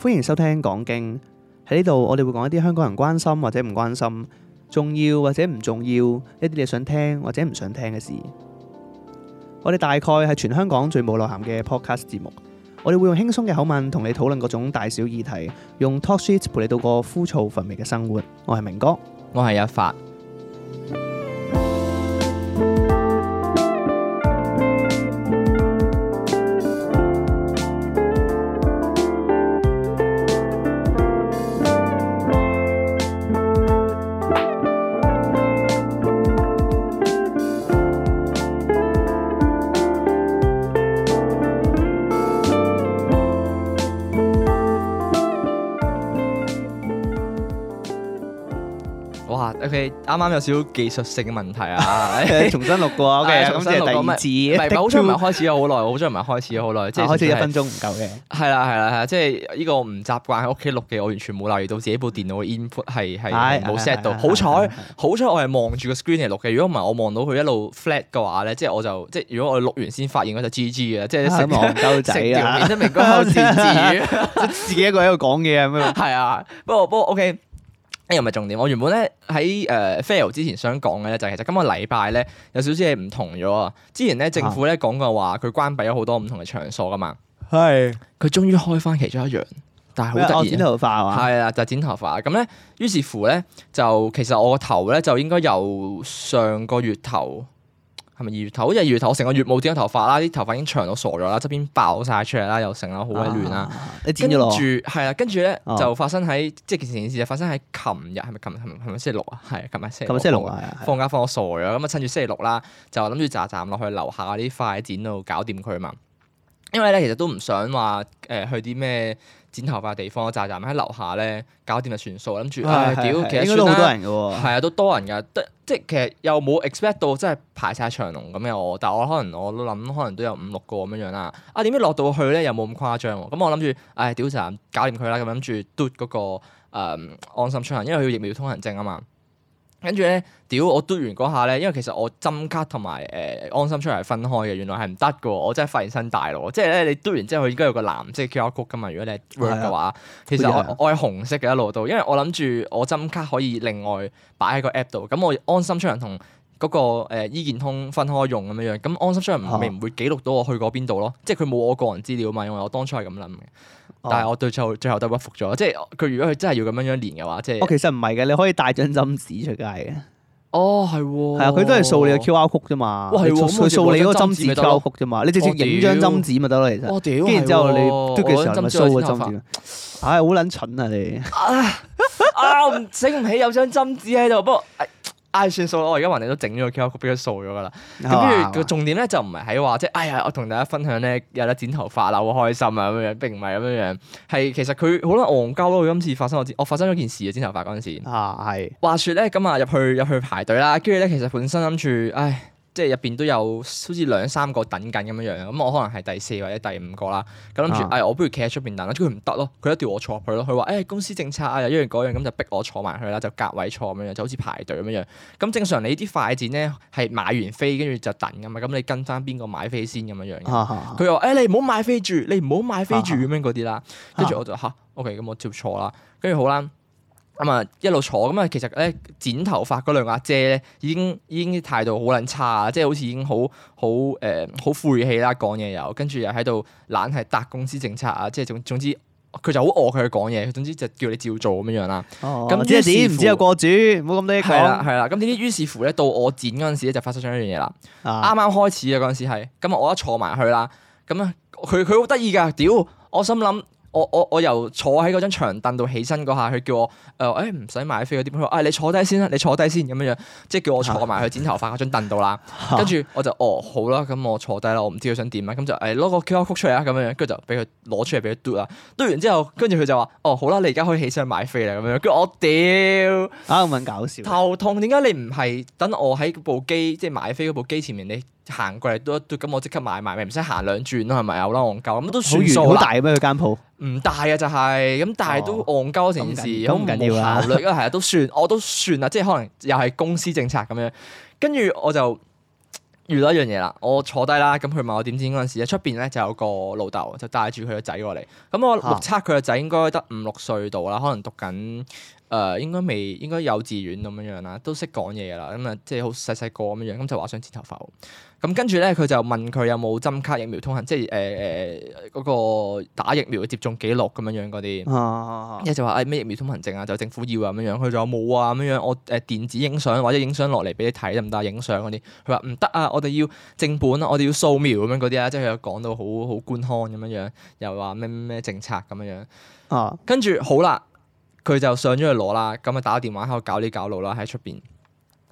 歡迎收聽講經喺呢度，我哋會講一啲香港人關心或者唔關心、重要或者唔重要、一啲你想聽或者唔想聽嘅事。我哋大概係全香港最冇內涵嘅 podcast 節目。我哋會用輕鬆嘅口吻同你討論各種大小議題，用 Talk Shit 陪你度過枯燥乏味嘅生活。我係明哥，我係阿發。啱啱有少少技術性嘅問題啊！重新錄過，OK，重新錄過唔係，好彩唔係開始咗好耐，好彩唔係開始咗好耐，即係開始一分鐘唔夠嘅。係啦，係啦，係，即係呢個唔習慣喺屋企錄嘅，我完全冇留意到自己部電腦嘅 input 係係冇 set 到。好彩，好彩，我係望住個 screen 嚟錄嘅。如果唔係，我望到佢一路 flat 嘅話咧，即係我就即係如果我錄完先發現嗰就 GG 啊，即係成憨鳩仔啊！成條面明哥自己一個喺度講嘢咁樣。係啊，不過不過 OK。又唔係重點？我原本咧喺誒 fail 之前想講嘅咧，就其實今個禮拜咧有少少嘢唔同咗啊！之前咧政府咧講過話，佢關閉咗好多唔同嘅場所噶嘛，係佢、啊、終於開翻其中一樣，但係好突然，剪頭髮係啊，就剪頭髮咁咧。於是乎咧，就其實我個頭咧就應該由上個月頭。係咪二月頭？好似二月頭，我成個月冇剪過頭髮啦，啲頭髮已經長到傻咗啦，側邊爆晒出嚟啦，又成啦，好鬼亂啦。啊、着你剪咗落？跟住係啦，跟住咧就發生喺、啊、即係成件事就發生喺琴日，係咪琴？係咪星期六啊？係，琴日星期六放假放到傻咗，咁啊趁住星期六啦，就諗住扎扎落去樓下啲快剪度搞掂佢啊嘛。因為咧其實都唔想話誒、呃、去啲咩。剪頭髮地方，喳喳喺樓下咧，搞掂就算數啦。諗住，唉屌，其實都好多人㗎喎，係啊，都多人噶，得即係其實又冇 expect 到真係排晒長龍咁樣我，但係我可能我都諗，可能都有五六個咁樣啦。啊，點知落到去咧又冇咁誇張喎，咁我諗住，唉屌就搞掂佢啦，咁諗住嘟嗰個誒、嗯、安心出行，因為佢要疫苗通行證啊嘛。跟住咧，屌我嘟完嗰下咧，因為其實我針卡同埋誒安心出嚟係分開嘅，原來係唔得喎，我真係發現新大陸。即係咧，你嘟完之後，佢應該有個藍色 QR Code 㗎嘛。如果你係 work 嘅話，啊、其實我係、啊、紅色嘅一路到，因為我諗住我針卡可以另外擺喺個 app 度，咁我安心出嚟同，嗰個誒醫健通分開用咁樣樣，咁安心出行咪唔會記錄到我去過邊度咯？即係佢冇我個人資料嘛，因為我當初係咁諗嘅。但係我對最後最後都屈服咗，即係佢如果佢真係要咁樣樣連嘅話，即係其實唔係嘅，你可以帶張針紙出街嘅。哦，係喎，係啊，佢都係掃你個 QR code 啫嘛。佢掃你嗰針紙嘅 QR code 啫嘛，你直接影張針紙咪得咯，其實。跟住之後你都幾成日掃個針紙，唉，好撚蠢啊你。啊，醒唔起有張針紙喺度，不過。唉、哎，算數啦！我而家橫掂都整咗個 QQ group 俾佢掃咗噶啦。跟住個重點咧就唔係喺話，即係唉呀，我同大家分享咧有得剪頭髮啦，好開心啊咁樣，並唔係咁樣。係其實佢好撚戇鳩咯。今次發生我我、哦、發生咗件事啊，剪頭髮嗰陣時。啊，係。話説咧，咁啊入去入去排隊啦，跟住咧其實本身諗住唉。即係入邊都有好似兩三個等緊咁樣樣，咁我可能係第四或者第五個啦。咁諗住誒，我不如企喺出邊等啦。跟住佢唔得咯，佢一定要我坐入去咯。佢話誒公司政策啊，呢樣嗰樣咁就逼我坐埋去啦，就隔位坐咁樣，就好似排隊咁樣樣。咁正常你啲快剪咧係買完飛跟住就等㗎嘛。咁你跟翻邊個買飛先咁樣樣。佢又話誒你唔好買飛住，你唔好買飛住咁樣嗰啲啦。跟住、啊啊、我就嚇、啊啊、OK，咁我照坐啦。跟住好啦。咁啊、嗯，一路坐咁啊，其實咧剪頭髮嗰兩個阿姐咧，已經已經態度好撚差啊，即係好似已經好好誒好晦氣啦，講嘢又跟住又喺度懶係搭公司政策啊，即係總總之佢就好惡佢去講嘢，佢總之就叫你照做咁樣樣啦。咁即係點？唔知過主，冇咁多嘢講。係啦係啦，咁點知於是乎咧，乎到我剪嗰陣時咧就發生咗一樣嘢啦。啱啱、啊、開始啊嗰陣時係，咁我一坐埋去啦，咁啊佢佢好得意噶，屌我心諗。我我我由坐喺嗰張長凳度起身嗰下，佢叫我誒，誒唔使買飛嗰啲佢話，啊你坐低先啦，你坐低先咁樣樣，即係叫我坐埋、啊、去剪頭髮嗰張凳度啦。跟住我就哦好啦，咁我坐低啦，我唔知佢想點啊，咁就誒攞個 QR Code 出嚟啊，咁樣樣，跟住就俾佢攞出嚟俾佢嘟啦。嘟完之後，跟住佢就話哦好啦，你而家可以起身買飛啦咁樣。跟住我屌啊咁搞笑，頭痛點解你唔係等我喺部機即係買飛嗰部機前面你。行過嚟都都咁，我即刻買埋，咪，唔使行兩轉咯，係咪有好啦，戇鳩咁都算數好遠好大咩？佢間鋪唔大啊，就係、是、咁，但係都戇鳩成件事，好唔、哦、緊要啊。係啊，都算，我都算啊，即係可能又係公司政策咁樣。跟住我就遇到一樣嘢啦，我坐低啦，咁佢問我點知嗰陣時咧，出邊咧就有個老豆就帶住佢個仔過嚟，咁我目測佢個仔應該得五六歲度啦，可能讀緊。誒應該未應該幼稚園咁樣樣啦，都識講嘢嘅啦，咁啊即係好細細個咁樣，咁就話想剪頭髮喎。咁跟住咧，佢就問佢有冇針卡疫苗通行，即係誒誒嗰個打疫苗嘅接種記錄咁樣樣嗰啲。啊，一就話誒咩疫苗通行證啊，就政府要啊咁樣樣，佢就話冇啊咁樣樣，我誒電子影相或者影相落嚟俾你睇得唔得啊？影相嗰啲，佢話唔得啊，我哋、啊、要正本啊，我哋要掃描咁樣嗰啲啊，即係佢有講到好好官腔咁樣樣，又話咩咩政策咁樣樣。跟住好啦。佢就上咗去攞啦，咁啊打電話喺度搞呢搞路啦，喺出邊，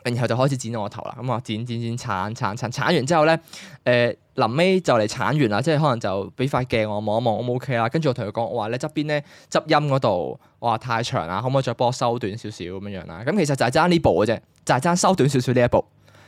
然後就開始剪咗我頭啦，咁啊剪剪剪，鏟鏟鏟，鏟完之後咧，誒臨尾就嚟鏟完啦，即係可能就俾塊鏡看看看看我望一望，O 唔 O K 啦，跟住我同佢講，我話你側邊咧執音嗰度，話太長啦，可唔可以再幫我收短少少咁樣樣啦？咁其實就係爭呢部嘅啫，就係爭收短少少呢一部。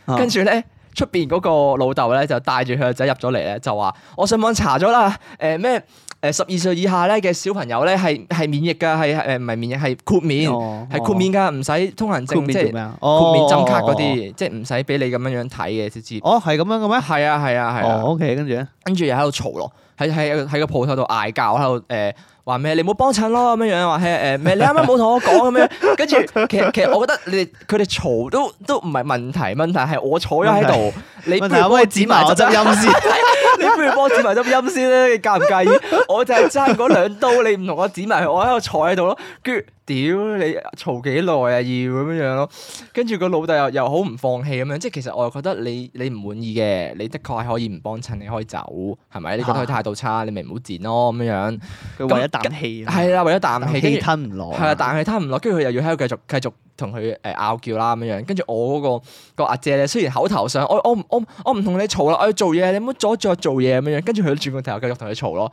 跟住咧，出邊嗰個老豆咧就帶住佢個仔入咗嚟咧，就話我上網查咗啦，誒、呃、咩？誒，十二歲以下咧嘅小朋友咧，係係免疫嘅，係誒唔係免疫，係豁免，係、哦哦、豁免噶，唔使通行證，即係豁免針卡嗰啲，即係唔使俾你咁樣樣睇嘅先知哦，係咁、哦、樣嘅咩？係、哦、啊，係啊，係、啊。啊 OK 跟住咧，跟住又喺度嘈咯，喺喺喺個鋪頭度嗌交，喺度誒話咩？你唔好幫襯咯咁樣樣，話誒咩？你啱啱冇同我講咁樣，跟住其實其實我覺得你佢哋嘈都都唔係問題，問題係我坐咗喺度，問題你唔可以指埋毛針陰先。 不如幫我剪埋針陰先啦！你介唔介意？我就係差嗰兩刀，你唔同我剪埋，我喺度坐喺度咯，跟住。屌，你嘈幾耐啊？要咁樣樣咯，跟住個老豆又又好唔放棄咁樣，即其實我又覺得你你唔滿意嘅，你的確係可以唔幫襯，你可以走係咪？你覺得佢態度差，你咪唔好剪咯咁樣、啊、樣。為咗啖氣，係啦樣，為咗啖氣，跟住對吞唔落，係啊，啖氣吞唔落，跟住佢又要喺度繼續繼續同佢誒拗叫啦咁樣樣。跟住我嗰、那個、那個阿姐咧，雖然口頭上我我我唔同你嘈啦，我要做嘢，你唔好阻住我做嘢咁樣樣。繼跟住佢轉個頭，我繼續同佢嘈咯。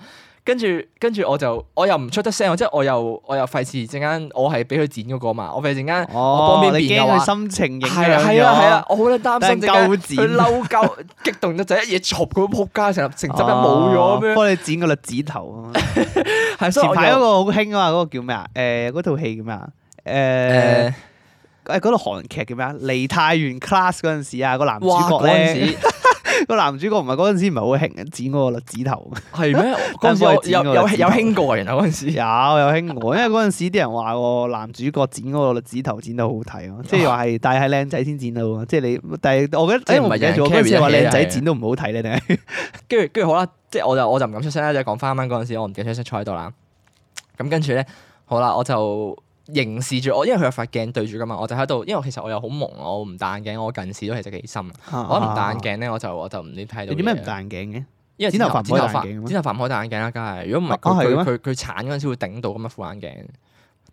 跟住跟住我就我又唔出得聲，即係我又我又費事陣間，我係俾佢剪嗰個嘛，我費陣間我幫邊邊嘅話，心情影響。係係啊係啊，我好擔心陣間佢嬲鳩，激動得就一嘢闙，佢仆街成日，成執一冇咗。幫你剪個栗子頭。係前排嗰個好興啊嘛，嗰個叫咩啊？誒嗰套戲叫咩啊？誒誒誒嗰套韓劇叫咩啊？《梨泰院 Class》嗰陣時啊，個男主角咧。個男主角唔係，嗰陣時唔係好興剪嗰個栗子頭，係咩嗎？嗰陣 時 有有有興過人啊！嗰陣時有有興過，因為嗰陣時啲人話個男主角剪嗰個栗子頭剪得好睇，即係話係但係靚仔先剪到。即、就、係、是、你但係我覺得誒唔係嘅，即係話靚仔剪都唔好睇咧，定係跟住跟住好啦，即係我就我就唔敢出聲啦，即係講翻啱啱嗰陣時，我唔敢出聲坐喺度啦。咁跟住咧，好啦，我就。凝視住我，因為佢有塊鏡對住噶嘛，我就喺度，因為其實我又好矇，我唔戴眼鏡，我近視都係隻幾深，啊、我唔戴眼鏡咧，我就我就唔知睇到。你點解唔戴眼鏡嘅？因為剪頭髮唔可以戴眼鏡啊。剪頭髮唔可以戴眼鏡啦，梗係。如果唔係佢佢佢鏟嗰陣時會頂到咁啊副眼鏡，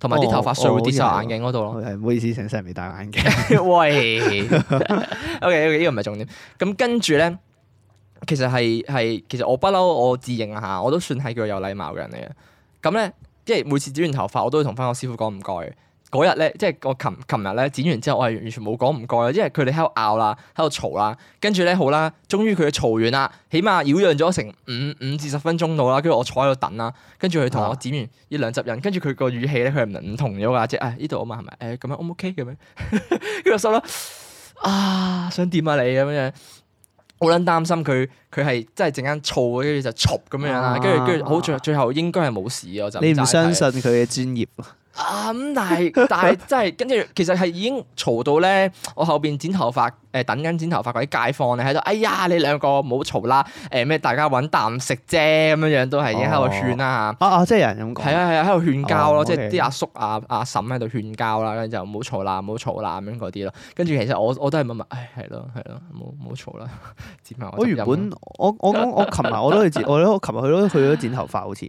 同埋啲頭髮碎、哦、會跌晒眼鏡嗰度咯。係唔、哦、好意思，成世人未戴眼鏡。喂，OK，OK，呢個唔係重點。咁跟住咧，其實係係其實我不嬲，我自認下，我都算係叫有禮貌嘅人嚟嘅。咁咧。即係每次剪完頭髮，我都會同翻我師傅講唔該。嗰日咧，即係我琴琴日咧剪完之後，我係完全冇講唔該。因為佢哋喺度拗啦，喺度嘈啦，跟住咧好啦，終於佢嘈完啦，起碼擾攘咗成五五至十分鐘到啦。跟住我坐喺度等啦，跟住佢同我剪完呢兩集人，跟住佢個語氣咧，佢係唔同咗噶，即係啊呢度啊嘛係咪？誒咁樣 O 唔 OK 嘅咩？跟 住我心諗啊，想點啊你咁樣？冇卵擔心佢，佢係即係陣間燥，跟住就燥咁樣啦，跟住跟住好最最後應該係冇事嘅。我就你唔相信佢嘅專業？ 咁、嗯、但係但係真係跟住，其實係已經嘈到咧。我後邊剪頭髮，誒、呃、等緊剪頭髮嗰啲街坊咧喺度。哎呀，你兩個唔好嘈啦！誒、呃、咩，大家揾啖食啫咁樣樣，都係已經喺度勸啦嚇。哦、啊啊，即係有人咁講。係啊係啊，喺度勸交咯，哦 okay. 即係啲阿叔阿阿、啊啊、嬸喺度勸交啦，跟住就唔好嘈啦，唔好嘈啦咁樣嗰啲咯。跟住其實我我都係問問，唉，係咯係咯，唔好唔好嘈啦。剪埋我，我原本 我我我琴日我都去剪，我都琴日去咗剪頭髮，好似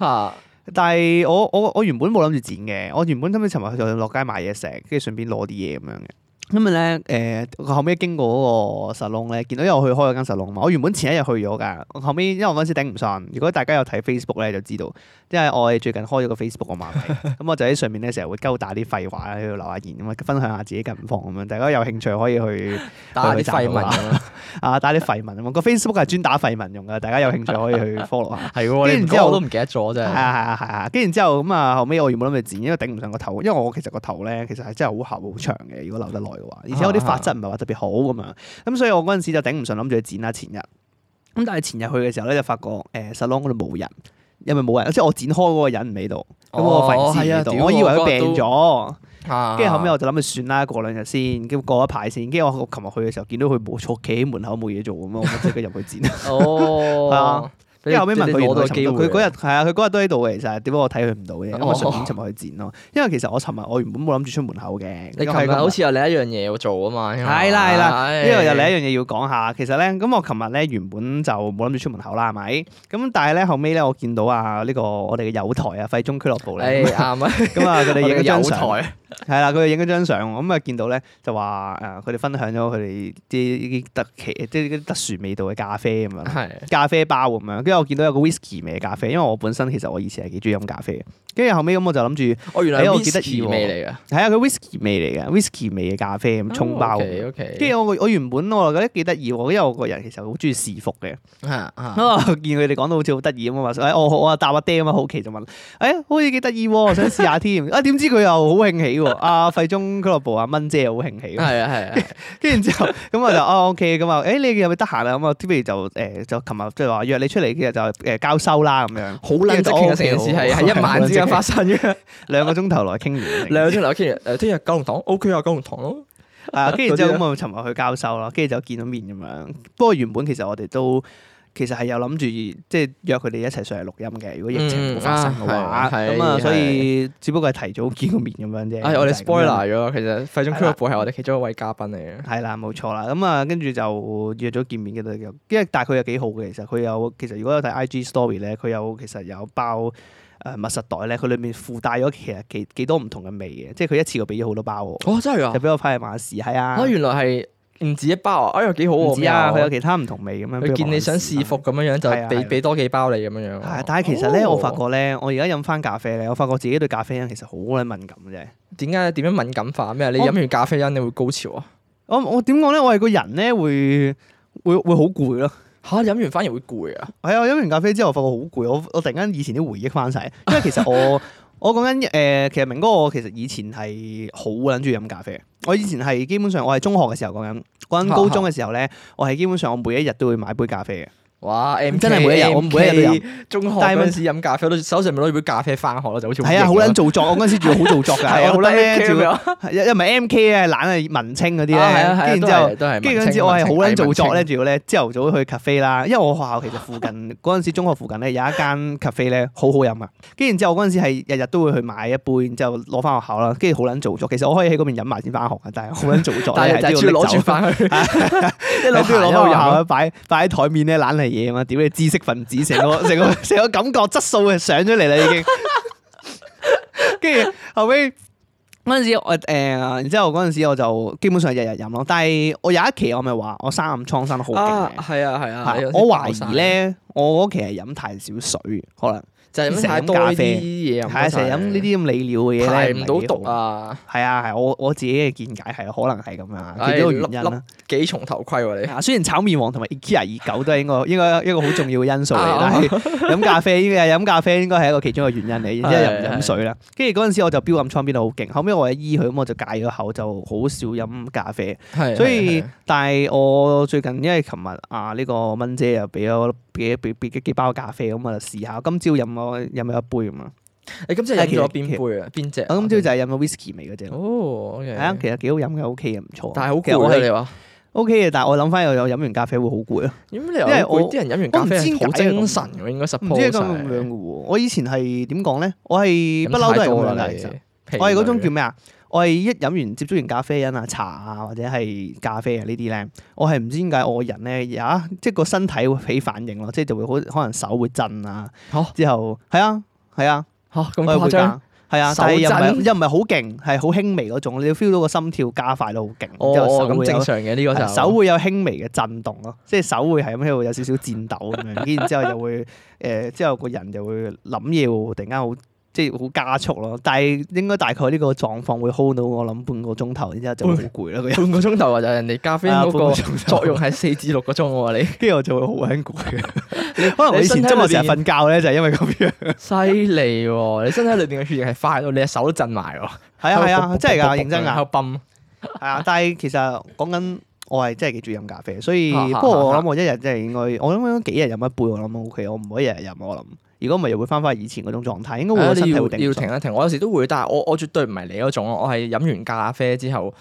嚇。 但係我我我原本冇諗住剪嘅，我原本諗住尋日去落街買嘢食，跟住順便攞啲嘢咁樣嘅。因為咧，誒，後尾經過嗰個實隆咧，見到因為我去開嗰間實龍嘛，我原本前一日去咗噶，後尾因為嗰陣時頂唔順。如果大家有睇 Facebook 咧，就知道，因為我哋最近開咗個 Facebook 個馬尾，咁 我就喺上面咧成日會鳩打啲廢話喺度留下言咁啊，分享下自己近況咁樣，大家有興趣可以去打啲廢文打啲廢文啊， 個 Facebook 係專打廢文用噶，大家有興趣可以去 follow 下。係，跟住之後我都唔記得咗啫。係啊係啊係啊，跟住之後咁啊， 後尾我原本諗住剪，因為頂唔順個頭，因為我其實個頭咧，其實係真係好厚好長嘅，如果留得耐。而且我啲法則唔係話特別好咁樣，咁、啊、所以我嗰陣時就頂唔順，諗住剪啦前日。咁但係前日去嘅時候咧，就發覺誒實 l o n 嗰度冇人，因為冇人，即係我剪開嗰個唔喺度，咁、哦、是我費事剪，啊、我以為病咗。跟住、啊、後尾我就諗住算啦，過兩日先，跟住過一排先。跟住我琴日去嘅時候，見到佢冇坐企喺門口冇嘢做咁樣，我即刻入去剪。 哦，係啊。 跟住後尾問佢好多機會，佢嗰日係啊，佢嗰日都喺度嘅，其實點解我睇佢唔到嘅？因為我順便尋日去剪咯，因為其實我尋日我原本冇諗住出門口嘅。你琴日，好似有另一樣嘢要做啊嘛。係啦係啦，呢個又另一樣嘢要講下。其實咧，咁我尋日咧原本就冇諗住出門口啦，係咪？咁但係咧後尾咧，我見到啊呢個我哋嘅友台啊廢中俱樂部咧，啱啊！咁啊佢哋影張相，係啦佢哋影咗張相，咁啊見到咧就話啊佢哋分享咗佢哋啲啲特奇即係啲特殊味道嘅咖啡咁樣，咖啡包咁樣。我見到有個 whisky 味咖啡，因為我本身其實我以前係幾中意飲咖啡嘅。跟住後尾咁我就諗住，我原來我幾得意味嚟喎，係啊，佢 whisky 味嚟嘅，whisky 味嘅咖啡咁沖包。嘅。O K。跟住我我原本我覺得幾得意喎，因為我個人其實好中意試服嘅。啊見佢哋講到好似好得意咁嘛，我答阿爹咁啊好奇就問，誒好似幾得意喎，想試下添。啊點知佢又好興起喎，阿廢中俱樂部阿蚊姐又好興起。係啊係啊。跟住之後咁我就啊 O K 咁啊，誒你哋係咪得閒啊咁啊？T V 就誒就琴日即係話約你出嚟其實就誒交收啦咁樣。好撚多成件事係一晚之。發生咗兩個鐘頭來傾完，兩個鐘頭來傾。誒，聽日九龍塘，O K 啊，九龍塘咯，係 啊。跟住之後咁啊，尋日去交收啦，跟住就見到面咁樣。 不過原本其實我哋都其實係有諗住，即、就、係、是、約佢哋一齊上嚟錄音嘅。如果疫情冇發生嘅話，咁、嗯、啊，嗯、的所以的只不過係提早見過面咁樣啫。我哋 spoiler 咗，其實費中俱 l 部 b 係我哋其中一位嘉賓嚟嘅。係啦，冇錯啦。咁啊，跟住就約咗見面嘅，因為但係佢又幾好嘅。其實佢有，其實如果有睇 I G story 咧，佢有其實有包。誒，密實袋咧，佢裏面附帶咗其實幾幾多唔同嘅味嘅，即係佢一次過俾咗好多包喎。哦，真係啊，就俾我派去馬試係啊。嚇，原來係唔止一包啊！哎呀，幾好喎。唔知啊，佢、啊、我有其他唔同味咁樣。佢它見我我你想試服咁樣樣，就俾俾多幾包你咁樣樣。係，但係其實咧，哦、我發覺咧，我而家飲翻咖啡咧，我發覺自己對咖啡因其實好鬼敏感嘅。點解？點樣敏感化？咩？你飲完咖啡因，你會高潮啊？我我點講咧？我係個人咧，會會會好攰咯。吓，飲完反而會攰啊！係啊、嗯，飲完咖啡之後我發覺好攰，我我突然間以前啲回憶翻晒，因為其實我 我講緊誒，其實明哥我其實以前係好撚鍾意飲咖啡，我以前係基本上我係中學嘅時候講緊，講緊高中嘅時候咧， 我係基本上我每一日都會買杯咖啡嘅。哇，真係每一日，我每一日都飲，中學嗰陣時飲咖啡，都手上面攞住杯咖啡翻學咯，就好似係啊，好撚做作。我嗰陣時仲要好做作㗎，我咧仲係一唔係 M K 咧，懶係文青嗰啲咧。跟住之後，跟住嗰陣時我係好撚做作咧，仲要咧朝頭早去 cafe 啦。因為我學校其實附近嗰陣時中學附近咧有一間 cafe 咧好好飲啊。跟住之後我嗰陣時係日日都會去買一杯，然之後攞翻學校啦。跟住好撚做作，其實我可以喺嗰邊飲埋先翻學啊，但係好撚做作。但係就係要攞住翻去，一攞都攞翻學校擺擺喺台面咧，懶嚟。嘢嘛？點解知識分子成個成個成個感覺 質素係上咗嚟啦？已經 後後，跟住後尾嗰陣時我，我誒然之後嗰陣時，我就基本上日日飲咯。但係我有一期我咪話我生暗瘡，生得好勁嘅，係啊係啊，啊啊我懷疑咧， 我嗰期係飲太少水，可能。就係飲咖啡？啲嘢，係成日飲呢啲咁理療嘅嘢，排唔到毒啊！係啊，係我我自己嘅見解係可能係咁樣，幾多原因？幾重頭盔喎你？雖然炒麵王同埋 IKEA 二九都係應該應該一個好重要嘅因素嚟，但係飲咖啡應該飲咖啡應該係一個其中一個嘅原因嚟，然之後飲飲水啦。跟住嗰陣時我就標暗瘡標得好勁，後尾我阿姨佢咁我就戒咗口，就好少飲咖啡。所以但係我最近因為琴日啊呢個蚊姐又俾咗俾俾俾幾包咖啡咁我就試下，今朝飲。我飲咗一杯咁啊！你今朝飲咗邊杯啊？邊隻？我今朝就係飲咗 whisky 味嗰隻咯。哦，係啊，其實幾好飲嘅，OK 嘅，唔錯。但係好攰啊！你話 OK 嘅，但係我諗翻又有飲完咖啡會好攰咯。因為我啲人飲完咖啡好精神嘅，應該 support 唔知點樣我以前係點講咧？我係不嬲都係咁樣我係嗰種叫咩啊？我係一飲完接觸完咖啡因啊、茶啊或者係咖啡啊呢啲咧，我係唔知點解我個人咧呀，即係個身體會起反應咯，即係就會好可能手會震啊。之後係啊係啊嚇咁、啊啊、誇張係啊，震但係又唔係又唔係好勁，係好輕微嗰種，你要 feel 到個心跳加快到好勁。哦哦，咁正常嘅呢、呢個就手會有輕微嘅震動咯，即係手會係咁喺度有少少顫抖咁樣，跟住 之後就會誒、呃、之後個人就會諗嘢喎，突然間好。即係好加速咯，但係應該大概呢個狀況會 hold 到我諗半個鐘頭，然之後就好攰啦。半個鐘頭或者人哋咖啡因嗰個作用係四至六個鐘喎，你跟住我就會好緊攰。可能我以前週末成日瞓覺咧，就係因為咁樣。犀利喎！你身體裏邊嘅血液係快到你隻手都震埋喎。係啊係啊，真係㗎，認真㗎。喺泵。係啊，但係其實講緊我係真係幾中意飲咖啡，所以不過我諗我一日真係應該，我諗幾日飲一杯我諗 OK，我唔可以日日飲我諗。如果唔係又會翻翻以前嗰種狀態，應該會個身體會頂、啊、要，要停一停，我有時都會，但係我我絕對唔係你嗰種咯，我係飲完咖啡之後，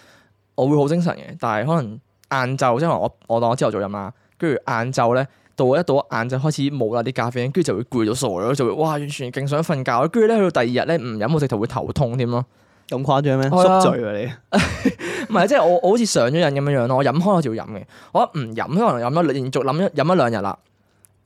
我會好精神嘅。但係可能晏晝，即係我我當我朝頭早飲啊，跟住晏晝咧，到一到晏晝開始冇啦啲咖啡，跟住就會攰到傻咗，就會哇完全勁想瞓覺。跟住咧去到第二日咧唔飲，我直頭會頭痛添咯。咁誇張咩？宿醉啊，啊你？ 唔係即係我我好似上咗癮咁樣樣咯，我飲開我就飲嘅，我一唔飲可能飲咗連續飲咗飲咗兩日啦。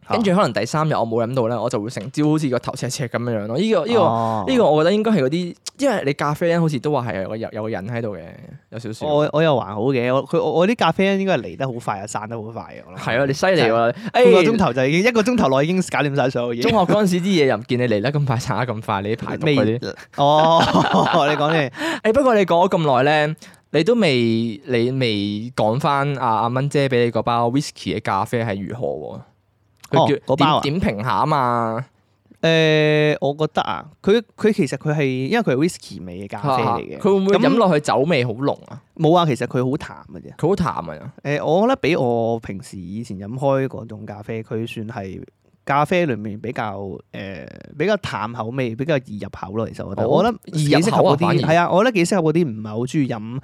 跟住可能第三日我冇飲到咧，我就會成朝好似個頭赤赤咁樣樣咯。依個依個依個，這個哦、個我覺得應該係嗰啲，因為你咖啡咧，好似都話係有個有個人喺度嘅，有少少。我我又還好嘅，我佢我我啲咖啡應該係嚟得好快，散得好快嘅。係啊，你犀利喎！一、就是哎、個鐘頭就已經一個鐘頭內已經搞掂晒所有嘢。中學嗰陣時啲嘢又唔見你嚟得咁快，散 得咁快，你啲排毒嗰啲哦， 你講先。誒、 哎、不過你講咗咁耐咧，你都未你未講翻阿阿蚊姐俾你嗰包威士忌嘅咖啡係如何喎？它哦，點點評下啊嘛，誒、呃，我覺得啊，佢佢其實佢係因為佢係威士忌味嘅咖啡嚟嘅，佢、嗯、會唔會飲落去酒味好濃啊？冇啊，其實佢好淡嘅啫，佢好淡啊。誒、啊呃，我覺得比我平時以前飲開嗰種咖啡，佢算係。咖啡裡面比較誒、呃、比較淡口味，比較易入口咯。其實、哦、我覺得幾適合，我覺得易入口嗰啲係啊，我覺得幾適合嗰啲唔係好中意飲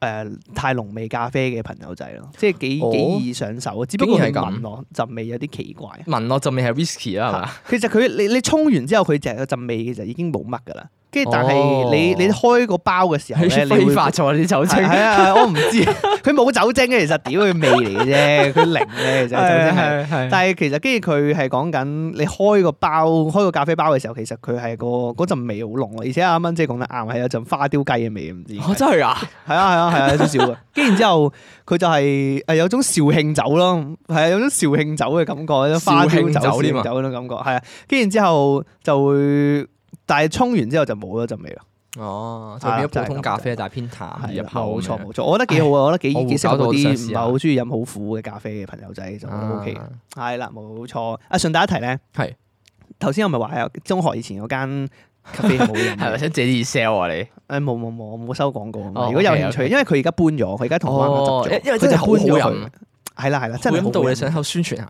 誒太濃味咖啡嘅朋友仔咯。即係幾、哦、幾易上手，只不過聞落陣味有啲奇怪。聞落陣味係 whisky 啦，其實佢你你沖完之後，佢淨係有陣味其實就已經冇乜噶啦。跟住，但係你你開個包嘅時候咧，你會發錯啲酒精。係啊，我唔知，佢冇酒精嘅，其實屌佢味嚟嘅啫，佢零嘅其實酒精係。但係其實跟住佢係講緊你開個包，開個咖啡包嘅時候，其實佢係個嗰陣味好濃，而且阿蚊姐講得啱，係有陣花雕雞嘅味，唔知。我真係啊，係啊係啊係啊，少少嘅。跟住之後，佢就係誒有種紹興酒咯，係啊有種紹興酒嘅感覺，花雕酒、紹興酒嗰種感覺，係啊。跟住之後就會。但係沖完之後就冇咗陣味咯。哦，就變咗普通咖啡，但係偏淡。入口冇錯冇錯，我覺得幾好啊，我覺得幾幾適合嗰啲唔係好中意飲好苦嘅咖啡嘅朋友仔就 OK。係啦，冇錯。啊，順帶一提咧，係頭先我咪話有中學以前嗰間 cafe 冇人，係咪想借啲嘢 sell 啊你？誒，冇冇冇，冇收廣告。如果有興趣，因為佢而家搬咗，佢而家同我搬咗，因為真係搬咗人。係啦係啦，真係引導你想宣傳下。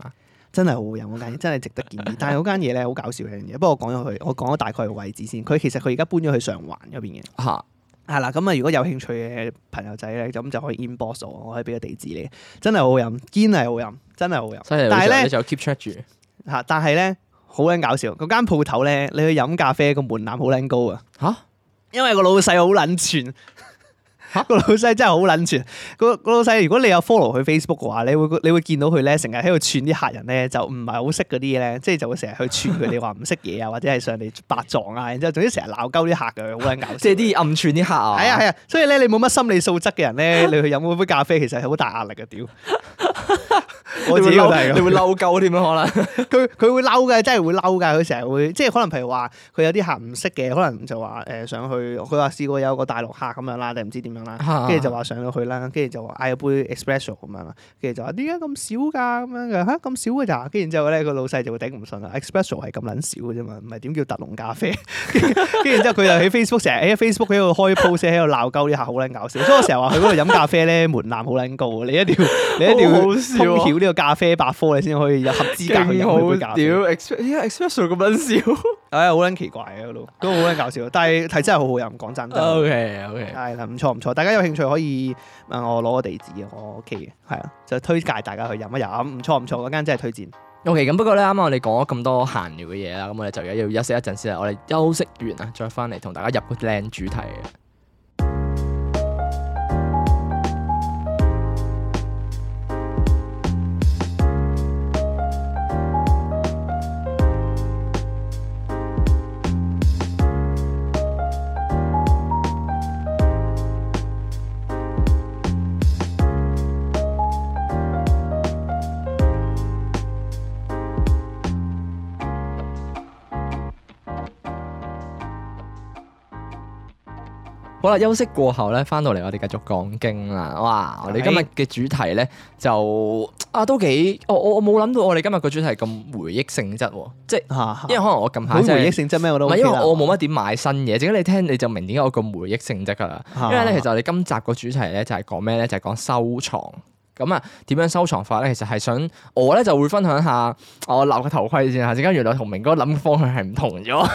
真係好飲嗰間，真係值得建議。但係嗰間嘢咧好搞笑嘅樣嘢， 不過講咗佢，我講咗大概嘅位置先。佢其實佢而家搬咗去上環嗰邊嘅。吓係啦，咁啊、嗯、如果有興趣嘅朋友仔咧，咁就，就可以 inbox 我，我可以俾個地址你。真係好飲，堅係好飲，真係好飲。但係咧就 keep check 住吓，但係咧好捻搞笑，嗰間鋪頭咧，你去飲咖啡個門檻好捻高啊！吓，因為個老細好捻串。個老細真係好撚串，個個老細如果你有 follow 佢 Facebook 嘅話，你會你會見到佢咧成日喺度串啲客人咧，就唔係好識嗰啲嘢咧，即係就會成日去串佢，你話唔識嘢啊，或者係上嚟白撞啊，然之後總之成日鬧鳩啲客嘅，好鬼搞笑。即係啲暗串啲客啊。係啊係啊，所以咧你冇乜心理素質嘅人咧，你去飲杯咖啡其實係好大壓力嘅屌。 我自己嚟，會嬲夠添啊？可能佢佢會嬲嘅， 真係會嬲嘅。佢成日會，即係可能，譬如話佢有啲客唔識嘅，可能就話誒、呃、上去，佢話試過有個大陸客咁樣啦，定唔知點樣啦，跟住就話上到去啦，跟住就話嗌一杯 Espresso 咁樣啦，跟住就話點解咁少噶，咁樣嘅吓咁少啊咋？跟住之後咧個老細就會頂唔順啦。Espresso 係咁撚少嘅啫嘛，唔係點叫特濃咖啡？跟住之後佢就喺 Facebook 成日喺 Facebook 喺度開 post 喺度鬧鳩啲客，好撚搞笑。所以我成日話佢嗰度飲咖啡咧門檻好撚高，你一定要你一定要。好笑。 個咖啡百科你先可以有合資格去飲杯咖啡。屌 、欸，依家 express 咁少，笑、欸，呀好撚奇怪啊、呃，都都好撚搞笑。但係睇真係好好飲，講真。O K O K，係啦，唔錯唔錯。大家有興趣可以問我攞個地址啊，我 OK，嘅係啊，就推介大家去飲一飲，唔錯唔錯，嗰間、嗯、真係推薦。O K，咁不過咧，啱啱我哋講咗咁多閒聊嘅嘢啦，咁我哋就而家要休息一陣先啦，我哋休息完啊再翻嚟同大家入個靚主題。好啦，休息過後咧，翻到嚟我哋繼續講經啦。哇，欸、我哋今日嘅主題咧就啊，都幾、哦、我我冇諗到我哋今日個主題咁回憶性質，即係、啊、因為可能我近下好回憶性質咩我都唔係， 因為我冇乜點買新嘢，陣間你聽你就明點解我咁回憶性質噶啦。因為咧，其實我哋今集個主題咧就係講咩咧，就係、是、講、就是、收藏。咁啊，點樣收藏法咧？其實係想我咧就會分享下我留個頭盔先。啊，陣間原來同明哥諗嘅方向係唔同咗。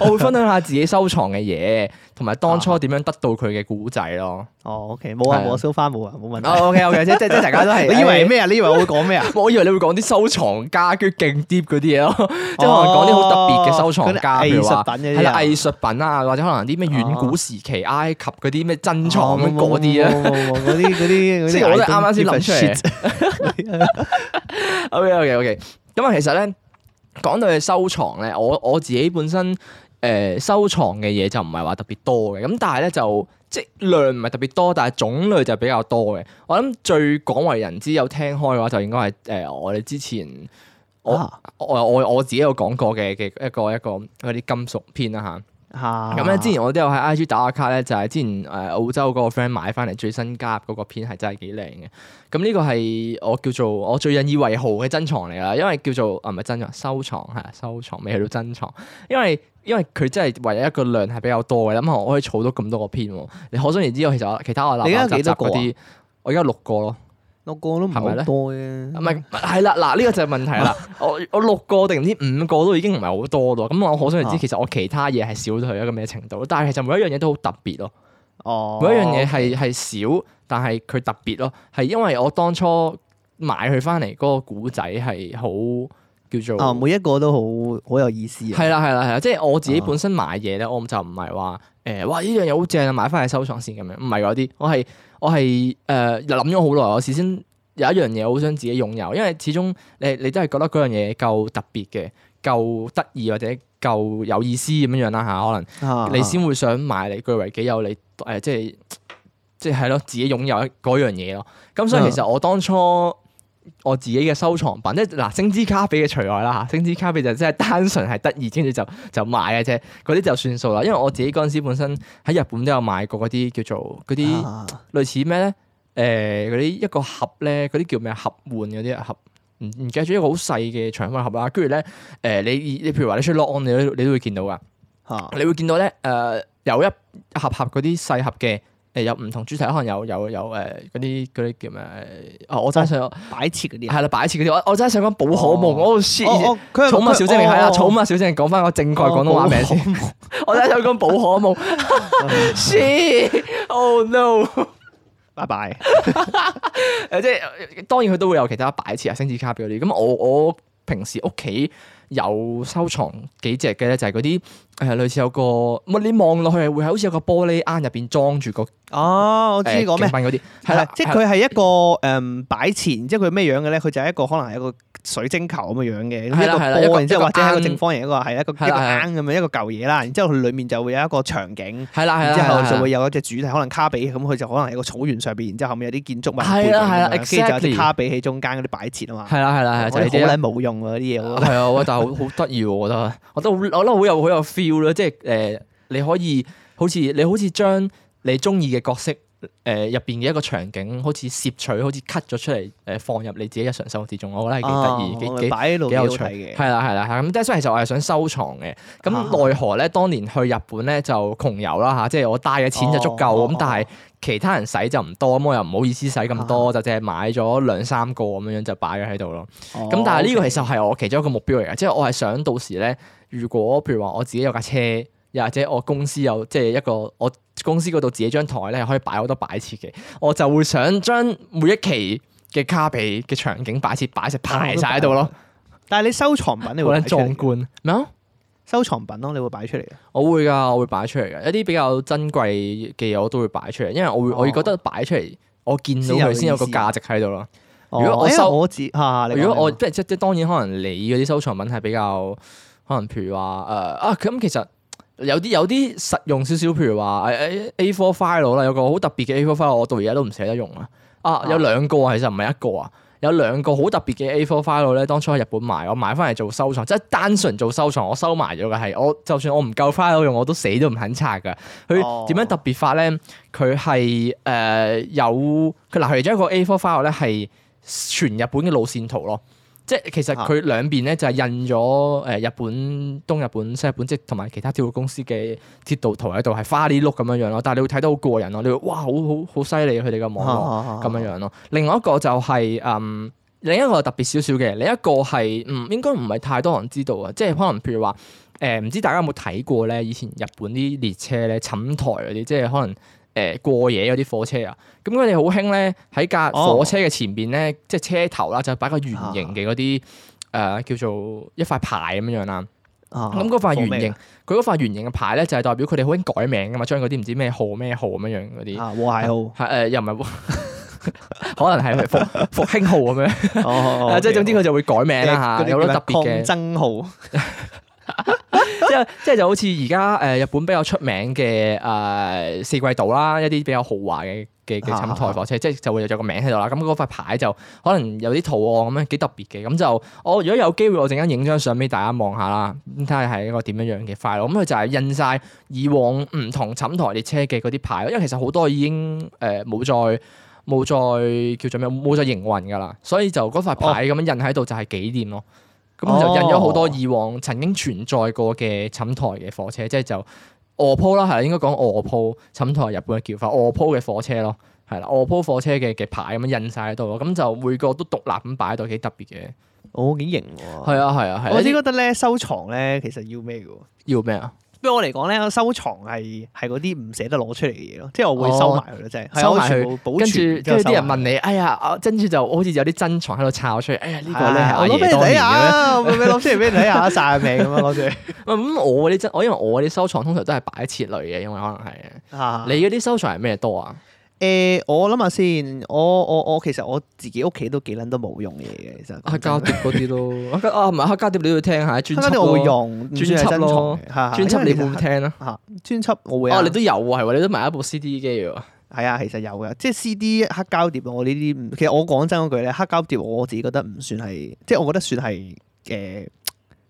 我會分享下自己收藏嘅嘢。同埋當初點樣得到佢嘅古仔咯？哦、oh,，OK，冇啊，冇收翻，冇啊，冇問題。啊、 哦、，OK，OK，、okay, okay, 即即，即大家都係。 你以為咩啊？你以為我會講咩啊？ 我以為你會講啲收藏家，跟住勁啲嗰啲嘢咯，即可能講啲好特別嘅收藏家，譬如、哦藝、啊、樣藝術品啊，或者可能啲咩遠古時期埃及嗰啲咩珍藏嗰啲啊，嗰啲嗰啲，即我啱啱先諗出嚟。 OK，OK，OK，、okay, okay, okay. 咁啊，其實咧講到嘅收藏咧，我我自己本身。誒、呃、收藏嘅嘢就唔係話特別多嘅，咁但係咧就即量唔係特別多，但係種類就比較多嘅。我諗最廣為人知有聽開嘅話，就應該係誒、呃、我哋之前我、啊、哈我我，我自己有講過嘅嘅一個一個嗰啲金屬片啦嚇。咁咧之前我都有喺 IG 打下卡咧，就係、是、之前誒澳洲嗰個 friend 買翻嚟最新加入嗰個片，係真係幾靚嘅。咁、啊、呢、這個係我叫做我最引以為豪嘅珍藏嚟啦，因為叫做啊唔係珍藏，收藏係收藏，未去到珍藏，因為。因為佢真係唯一一個量係比較多嘅，咁我可以儲到咁多個篇。你可想而知，我其實我其他我，我集集《南華雜誌》嗰啲，我而家六個咯，六個都唔係好多啫，唔係係啦，嗱呢、 呢個就係問題啦。我 我六個定唔知五個都已經唔係好多咯。咁我可想而知，啊、其實我其他嘢係少咗去一個咩程度？但係其實每一樣嘢都好特別咯。哦、每一樣嘢係係少，但係佢特別咯，係因為我當初買佢翻嚟嗰個古仔係好。叫做啊、哦，每一個都好好有意思。係啦，係啦，係啦，即係我自己本身買嘢咧，哦、我就唔係話誒，哇呢樣嘢好正啊，買返去收藏先咁樣。唔係嗰啲，我係我係誒諗咗好耐。我事先有一樣嘢，我好想自己擁有，因為始終誒你都係覺得嗰樣嘢夠特別嘅，夠得意或者夠有意思咁樣樣啦吓，可能你先會想買你據為己有，你、呃、誒即係即係係咯，自己擁有嗰樣嘢咯。咁所以其實我當初。我自己嘅收藏品，即係嗱星之卡比嘅除外啦嚇，星之卡比就真係單純係得意，跟住就就買嘅啫，嗰啲就算數啦。因為我自己嗰陣時本身喺日本都有買過嗰啲叫做嗰啲類似咩咧，誒嗰啲一個盒咧，嗰啲叫咩盒換嗰啲盒，唔唔記住一個好細嘅長方盒啦。跟住咧，誒、呃、你你譬如話你出 lock on，你都你都會見到噶嚇，啊、你會見到咧誒、呃、有一盒盒嗰啲細盒嘅。誒有唔同主題，可能有有有誒嗰啲啲叫咩？哦，我真係想有擺設嗰啲，係啦，擺設嗰啲。我、哦、我真係想講《寶可夢》，我唔知。哦哦，寵物小精靈係啊，寵物小精靈講翻個正確廣東話名先。我真係想講《寶可夢》，Shi，Oh no 拜拜！誒，即係當然佢都會有其他擺設啊、星之卡比啲。咁我我平時屋企有收藏幾隻嘅咧，就係嗰啲。誒類似有個，唔係你望落去係會係好似有個玻璃罌入邊裝住個哦，我知講咩精品嗰啲，係啦，即係佢係一個誒擺設，即係佢咩樣嘅咧？佢就係一個可能係一個水晶球咁嘅樣嘅一個波，然之後或者係一個正方形一個係一個一個咁樣一個舊嘢啦。然之後佢裡面就會有一個場景，然之後就會有一隻主題可能卡比咁，佢就可能係一個草原上邊，然之後後面有啲建築物，係啦係啦，卡比喺中間嗰啲擺設啊嘛，係啦係啦係，真係好靚冇用嗰啲嘢，係啊喂，但係好得意，我覺得，我都覺得好有 feel。要啦，即係誒、呃、你可以好似你好似將你中意嘅角色。誒，入邊嘅一個場景，好似攝取，好似 cut 咗出嚟，誒，放入你自己日常生活之中，我覺得係幾得意，幾幾幾有趣嘅。係啦、啊，係啦、係啦，咁即係所以其實我係想收藏嘅。咁奈何咧，當年去日本咧就窮遊啦吓，即係我帶嘅錢就足夠咁，哦、但係其他人使就唔多，咁我又唔好意思使咁多，哦、就淨係買咗兩三個咁樣樣就擺咗喺度咯。咁、哦、但係呢個其實係我其中一個目標嚟嘅。哦 okay、即係我係想到時咧，如果譬如話我自己有架車。又或者我公司有即係一個我公司嗰度自己張台咧，可以擺好多擺設嘅，我就會想將每一期嘅卡比嘅場景擺設擺一排晒喺度咯。但係你收藏品你會覺得壯觀咩？收藏品咯、啊，你會擺出嚟嘅。我會噶，我會擺出嚟嘅。一啲比較珍貴嘅嘢，我都會擺出嚟，因為我會、哦、我會覺得擺出嚟，我見到佢先有個價值喺度咯。啊哦、如果我收、欸、我自、啊、如果我即係即係，當然可能你嗰啲收藏品係比較可能，譬如話誒啊咁、啊啊啊啊啊啊啊啊，其實。有啲有啲實用少少，譬如話 A A A4 file 啦，有個好特別嘅 A4 file，我到而家都唔捨得用啊！啊，有兩個啊，其實唔係一個啊，有兩個好特別嘅 A4 file 咧，當初喺日本買，我買翻嚟做收藏，即係單純做收藏，我收埋咗㗎，係，我就算我唔夠 file 用，我都死都唔肯拆㗎。佢點樣特別法咧？佢係誒有佢嗱，其中一個 A4 file 咧係全日本嘅路線圖咯。即係其實佢兩邊咧，就係印咗誒，日本、東日本、西日本，即同埋其他鐵路公司嘅鐵道圖喺度，係花呢碌咁樣樣咯，但係你會睇到好過癮咯，你會哇，好好好犀利佢哋嘅網絡咁樣樣咯。另外一個就係，嗯，另一個特別少少嘅，另一個係嗯，應該唔係太多人知道啊，即係可能譬如話誒，唔知大家有冇睇過咧以前日本啲列車咧寢台嗰啲，即係可能。誒過夜嗰啲火車啊，咁佢哋好興咧喺架火車嘅前邊咧，oh. 即係車頭啦，就擺個圓形嘅嗰啲誒叫做一塊牌咁樣啦。咁嗰、oh. 塊圓形佢嗰、oh. 塊圓形嘅牌咧，就係代表佢哋好興改名噶嘛，將嗰啲唔知咩號咩號咁樣嗰啲。和諧號係誒，又唔係可能係復復興號咁樣。即係總之佢就會改名啦嚇，有好多特別嘅。抗爭號 即係即係就好似而家誒日本比較出名嘅誒四季島啦，一啲比較豪華嘅嘅嘅寢台火車， 即係就會有咗個名喺度啦。咁嗰塊牌就可能有啲圖案咁樣，幾特別嘅。咁就我、哦、如果有機會，我陣間影張相俾大家望下啦，睇下係一個點樣樣嘅塊咯。咁佢就係印晒以往唔同寢台列車嘅嗰啲牌，因為其實好多已經誒冇再冇再叫做咩冇再營運噶啦，所以就嗰塊牌咁樣印喺度就係紀念咯。哦。咁就印咗好多以往曾經存在過嘅寢台嘅火車，即係就卧鋪啦，係應該講卧鋪寢台日本嘅叫法，卧鋪嘅火車咯，係啦，卧鋪火車嘅嘅牌咁樣印晒喺度咯，咁就每個都獨立咁擺喺度，幾特別嘅，哦，幾型喎，係啊係啊係。啊啊我只覺得咧收藏咧其實要咩嘅喎？要咩啊？不過我嚟講咧，收藏係係嗰啲唔捨得攞出嚟嘅嘢咯，即係我會、哦、收埋佢咯，即係收埋佢，跟住跟住啲人問你，哎呀，跟住就好似有啲珍藏喺度抄出嚟，哎呀呢、哎、個咧，我攞俾你睇下啊？我攞 出嚟俾人睇下，晒命咁樣攞住。咁我啲珍，我因為我啲收藏通常都係擺設類嘅，因為可能係，你嗰啲收藏係咩多啊？誒、呃，我諗下先，我我我其實我自己屋企都幾撚都冇用嘢嘅，其實黑膠碟嗰啲咯， 啊唔係黑膠碟你要聽下專輯，我會用專輯咯，專輯你會唔會聽咯？嚇專輯我會啊，你都有喎、啊，係喎，你都買咗部 CD 機喎、啊，係啊，其實有嘅、啊，即係 CD 黑膠碟，我呢啲其實我講真嗰句咧，黑膠碟我自己覺得唔算係，即係我覺得算係誒、呃，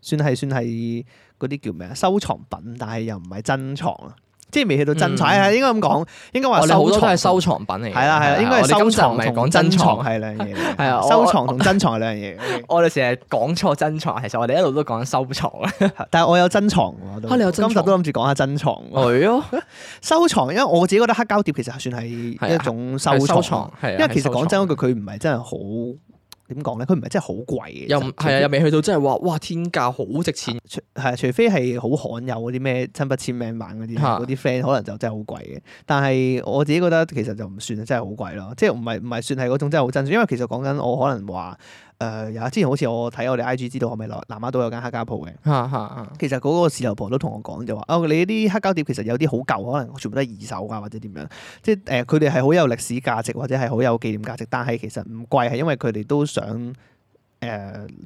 算係算係嗰啲叫咩啊？收藏品，但係又唔係珍藏即係未去到珍藏，係應該咁講，應該話收藏品嚟。係啦係啦，應該收藏同係珍藏係兩樣嘢，係啊收藏同珍藏係兩樣嘢。我哋成日講錯珍藏，其實我哋一路都講收藏但係我有珍藏，我今集都諗住講下珍藏。係咯，收藏，因為我自己覺得黑膠碟其實算係一種收藏，因為其實講真嗰句，佢唔係真係好。點講咧？佢唔係真係好貴嘅，又唔係啊，非又未去到真係話哇天價好值錢，係啊，除非係好罕有嗰啲咩親筆簽名版嗰啲，嗰啲 friend 可能就真係好貴嘅。但係我自己覺得其實就唔算真係好貴咯，即係唔係唔係算係嗰種真係好珍貴，因為其實講緊我可能話。誒有、呃、之前好似我睇我哋 I G 知道係咪落南丫島有間黑膠鋪嘅， 其實嗰個士頭婆都同我講就話，哦你啲黑膠碟其實有啲好舊，可能全部都係二手啊或者點樣。即係誒，佢哋係好有歷史價值或者係好有紀念價值，但係其實唔貴係因為佢哋都想誒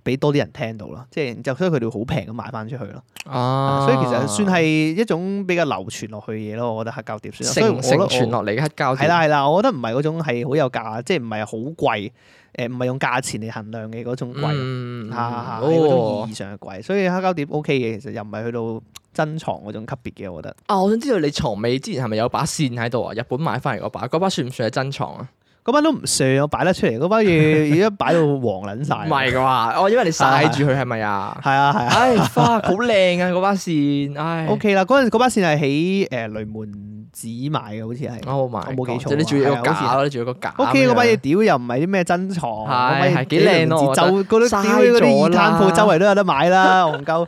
俾、呃、多啲人聽到咯。即係就所以佢哋好平咁賣翻出去咯、啊呃。所以其實算係一種比較流傳落去嘅嘢咯。我覺得黑膠碟算成所以我我成傳落嚟嘅黑膠係啦係啦，我覺得唔係嗰種係好有價，即係唔係好貴。誒唔係用價錢嚟衡量嘅嗰種貴，係嗰種意義上嘅貴，所以黑膠碟 OK 嘅，其實又唔係去到珍藏嗰種級別嘅，我覺得。啊，我想知道你床尾之前係咪有把扇喺度啊？日本買翻嚟嗰把，嗰把算唔算係珍藏啊？嗰把都唔算，我擺得出嚟，嗰把嘢已經擺到黃撚晒，唔係啩？哦，因為你曬住佢係咪啊？係啊係啊！唉、啊，哇、啊，啊 哎、花好靚啊嗰把扇，唉、哎。OK 啦，嗰陣嗰把扇係喺誒雷門。呃紙買嘅好似係，我冇記錯，即係你仲有個架，你仲有個架。屋企嗰班嘢，屌又唔係啲咩珍藏，係係幾靚咯，就嗰啲，嗰啲攤鋪周圍都有得買啦，我唔夠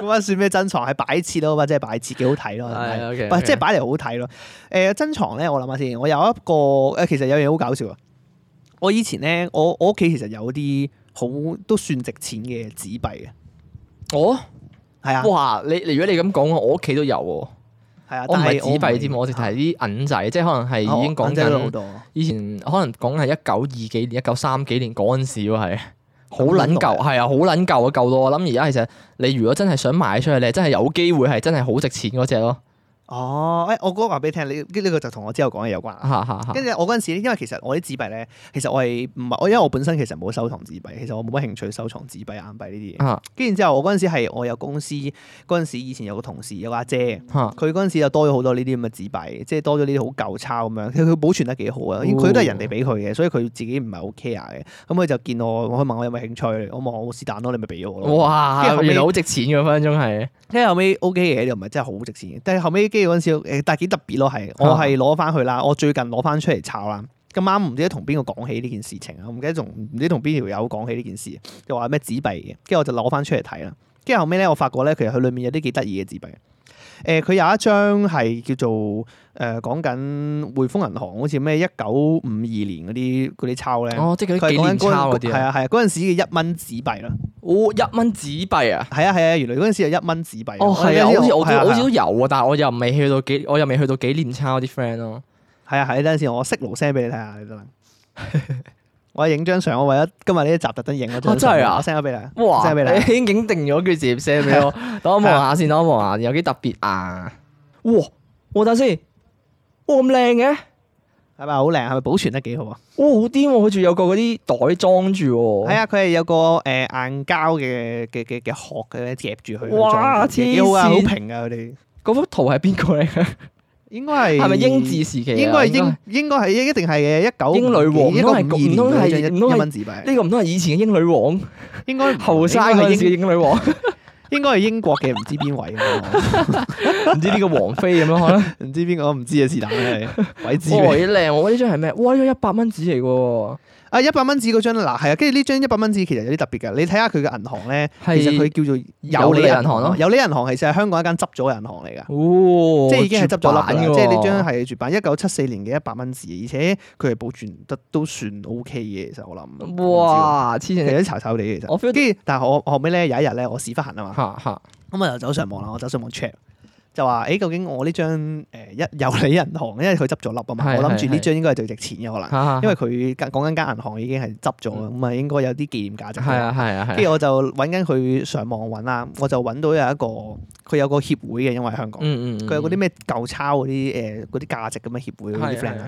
嗰算咩珍藏，係擺設咯，即係擺設，幾好睇咯。係，即係擺嚟，好睇咯。誒，珍藏咧，我諗下先，我有一個其實有樣嘢好搞笑啊。我以前咧，我我屋企其實有啲好都算值錢嘅紙幣嘅。哦，係啊。哇，你如果你咁講，我屋企都有。我唔係紙幣添，我哋睇啲銀仔，哦、即係可能係已經講緊好多。以前可能講係一九二幾年、一九三幾年嗰陣時喎，係好撚舊，係啊、嗯，好撚舊啊，舊到我諗而家其實你如果真係想賣出去，你真係有機會係真係好值錢嗰隻咯。哦，誒、欸，我講話俾你聽，呢呢個就同我之後講嘢有關啦。跟住我嗰陣時咧，因為其實我啲紙幣咧，其實我係唔係我因為我本身其實冇收藏紙幣，其實我冇乜興趣收藏紙幣、硬幣呢啲嘢。跟住、啊、之後我嗰陣時係我有公司嗰陣時，以前有個同事有個阿姐，佢嗰陣時就多咗好多呢啲咁嘅紙幣，即係多咗呢啲好舊鈔咁樣，佢保存得幾好啊！佢都係人哋俾佢嘅，所以佢自己唔係好 care 嘅。咁佢就見我，我問我有冇興趣？我問我是但咯，你咪俾咗我咯。哇！跟住後尾好值錢嘅分分鐘係，因為 後尾 OK 嘅又唔係真係好值錢，但係後尾。嗰陣時誒，但係幾特別咯，係我係攞翻去啦，我最近攞翻出嚟炒啦。咁啱唔記得同邊個講起呢件事情啊？唔記得同唔知同邊條友講起呢件事，又話咩紙幣嘅，跟住我就攞翻出嚟睇啦。跟住後尾咧，我發覺咧，其實佢裏面有啲幾得意嘅紙幣。誒佢、呃、有一張係叫做誒講緊匯豐銀行，好似咩一九五二年嗰啲嗰啲鈔咧。哦，即係佢幾年鈔嗰啲？係啊係啊，嗰陣時嘅一蚊紙幣啦。哦，一蚊紙幣啊？係啊係啊，原來嗰陣時係一蚊紙幣。哦係啊，好似我好似都有啊，但係我又未去到幾，我又未去到幾年鈔啲 friend 咯。係啊係啊，等陣先，我識羅聲俾你睇下，你得啦。我影張相，我為咗今日呢一集特登影嗰張。我真係 的啊，send 咗俾你。哇，你已經影定咗，佢直接 send 俾我。等我望下先，等我望下，有幾特別啊！哇，我睇先，哇咁靚嘅，係咪好靚？係咪保存得幾好啊？啊哇，好癲，好似有個嗰啲袋裝住。係啊，佢係有個誒硬膠嘅嘅嘅嘅殼嘅夾住佢。哇，黐線，好平啊！佢哋。嗰幅圖係邊個嚟？ 應該係係咪英治時期？應該係英應該係一定係嘅一九。英女王，呢個唔通係唔通係唔通係一蚊紙幣？呢個唔通係以前嘅英女王？應該後生嘅英英女皇，應該係英國嘅唔知邊位？唔知呢個王妃咁咯？唔知邊個唔知啊？是但係，鬼知。哇！好靚，我呢張係咩？哇！呢一百蚊紙嚟嘅。啊一百蚊紙嗰張嗱係啊，跟住呢張一百蚊紙其實有啲特別嘅，你睇下佢嘅銀行咧，是其實佢叫做有利銀行咯，有利銀行其實係香港一間執咗嘅銀行嚟噶，哦、即係已經執到爛嘅，即係呢張係絕版，一九七四年嘅一百蚊紙，而且佢係保存得都算 O K 嘅，其實我諗哇黐線，有啲臭臭哋其實，跟住但係我後尾咧有一日咧我屎忽痕啊嘛，咁我 就走上網啦，我走上網 check。 就話：，誒，究竟我呢張誒一有利銀行，因為佢執咗笠啊嘛，我諗住呢張應該係最值錢嘅可能，因為佢講緊間銀行已經係執咗咁啊應該有啲紀念價值。係啊，係啊，係。跟住我就揾緊佢上網揾啦，我就揾到有一個，佢有個協會嘅，因為香港，佢有嗰啲咩舊鈔嗰啲誒啲價值咁嘅協會嗰啲 friend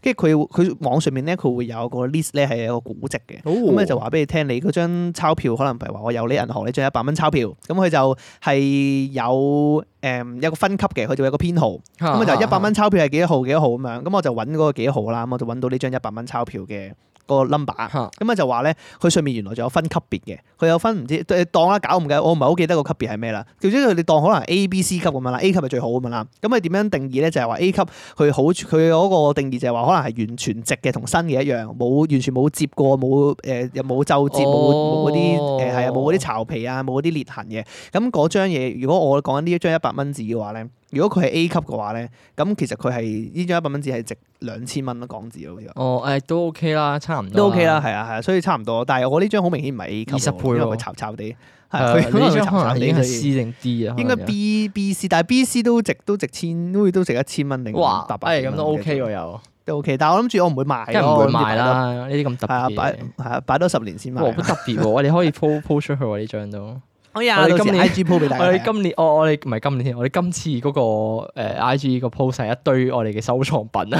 跟住佢佢網上面咧，佢會有個 list 咧係一個估值嘅，咁咧就話俾你聽，你嗰張鈔票可能譬如話我有利銀行呢張一百蚊鈔票，咁佢就係有。誒有一個分級嘅，佢就有個編號，咁、 嗯、就一百蚊鈔票係幾多號幾多號咁樣，咁、嗯、我就揾嗰個幾多號啦，咁、嗯、我就揾到呢張一百蚊鈔票嘅。個 number 啊，咁啊就話咧，佢上面原來就有分級別嘅，佢有分唔知誒檔啦，搞唔計，我唔係好記得個級別係咩啦。總之佢哋檔可能 A、B、C 級咁樣啦，A 級係最好咁樣啦。咁啊點樣定義咧？就係話 A 級佢好佢嗰個定義就係話可能係完全直嘅同新嘅一樣，冇完全冇接過冇誒又冇皺折冇冇啲誒係啊冇嗰啲巢皮啊冇嗰啲裂痕嘅。咁嗰張嘢如果我講緊呢一張一百蚊紙嘅話咧。如果佢係 A 級嘅話咧，咁其實佢係呢張一百蚊紙係值兩千蚊咯，港紙好似我覺得。哦，誒都 OK 啦，差唔多，都 OK 啦，係啊係啊，所以差唔多。但係我呢張好明顯唔係 A 級二十倍，因為佢巢巢地。係佢呢張可能係 C 定 D 啊？應該 B、B、C，但係 B、C 都值都值千，都都值一千蚊定。哇！係咁都 OK 喎，又都 OK。但係我諗住我唔會買咯，唔會買啦。呢啲咁特別。係啊，擺係啊，擺多十年先買。唔特別喎，我哋可以 po po 出去喎呢張都。我哋、oh yeah, 次今年 I G 鋪俾大家看看、哦。我哋今年，我我哋唔係今年添，我哋今次嗰、那個誒 I G 個 post 係一堆我哋嘅收藏品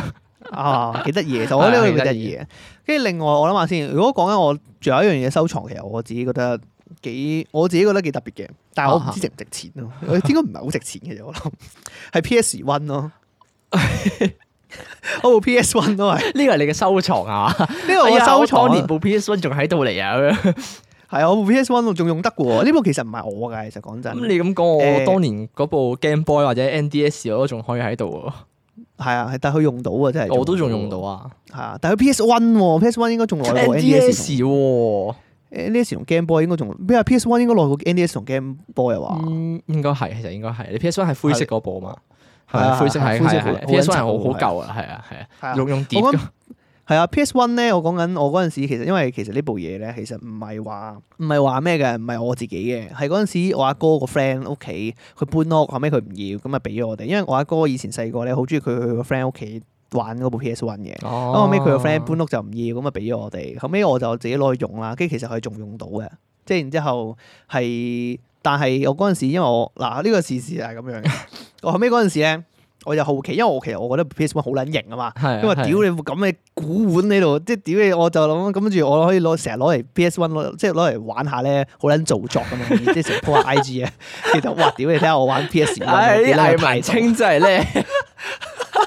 啊。會會啊，幾得意，我覺得呢個幾得意。嘅。跟住另外我諗下先，如果講緊我仲有一樣嘢收藏，其實我自己覺得幾，我自己覺得幾特別嘅。但係我唔知值唔值錢咯。啊、我應該唔係好值錢嘅，我諗係 P S one 咯、啊。哦，P S one 都係呢個係你嘅收藏啊？呢 個 我收藏、啊哎、我年部 P S one 仲喺度嚟啊？ 係啊，我部 P.S. One 仲用得噶喎，呢部其實唔係我噶，其實講真。咁你咁講，我當年嗰部 Game Boy 或者 N.D.S. 我都仲可以喺度啊。係啊，但係佢用到啊，真係。我都仲用到啊。係啊，但係佢 P.S. One，P.S. One 應該仲耐過 N.D.S. N.D.S. 同 Game Boy 應該仲，咩個 P.S. One 應該耐過 N.D.S. 同 Game Boy 啊？嗯，應該係，其實應該係。你 P.S. One 係灰色嗰部啊嘛，係啊，灰色係灰色款，P.S. One 係好好舊啊，係啊，係啊，用用電係啊，PS One 咧，我講緊我嗰陣時，其實因為其實部呢部嘢咧，其實唔係話唔係話咩嘅，唔係我自己嘅，係嗰陣時我阿哥個 friend 屋企佢搬屋，後尾佢唔要，咁啊俾咗我哋。因為我阿哥，哥以前細個咧，好中意佢去佢個 friend 屋企玩嗰部 PS One 嘅，咁後尾，佢個 friend 搬屋就唔要，咁啊俾咗我哋。後尾我就自己攞去用啦，跟住其實佢仲用到嘅，即係然之後係，但係我嗰陣時因為我嗱呢、這個事事實係咁樣嘅，我後尾嗰陣時咧。我又好奇，因為我其實我覺得 PS One 好撚型啊嘛，的因為屌你會咁嘅古碗呢度，即係屌你，我就諗諗住我可以攞成日攞嚟 PS One 攞， 即係攞嚟玩下咧，好撚造作咁樣，即係成 po 下 IG 啊，其實哇，屌 你睇下我玩 PS One，啲人排清真係叻。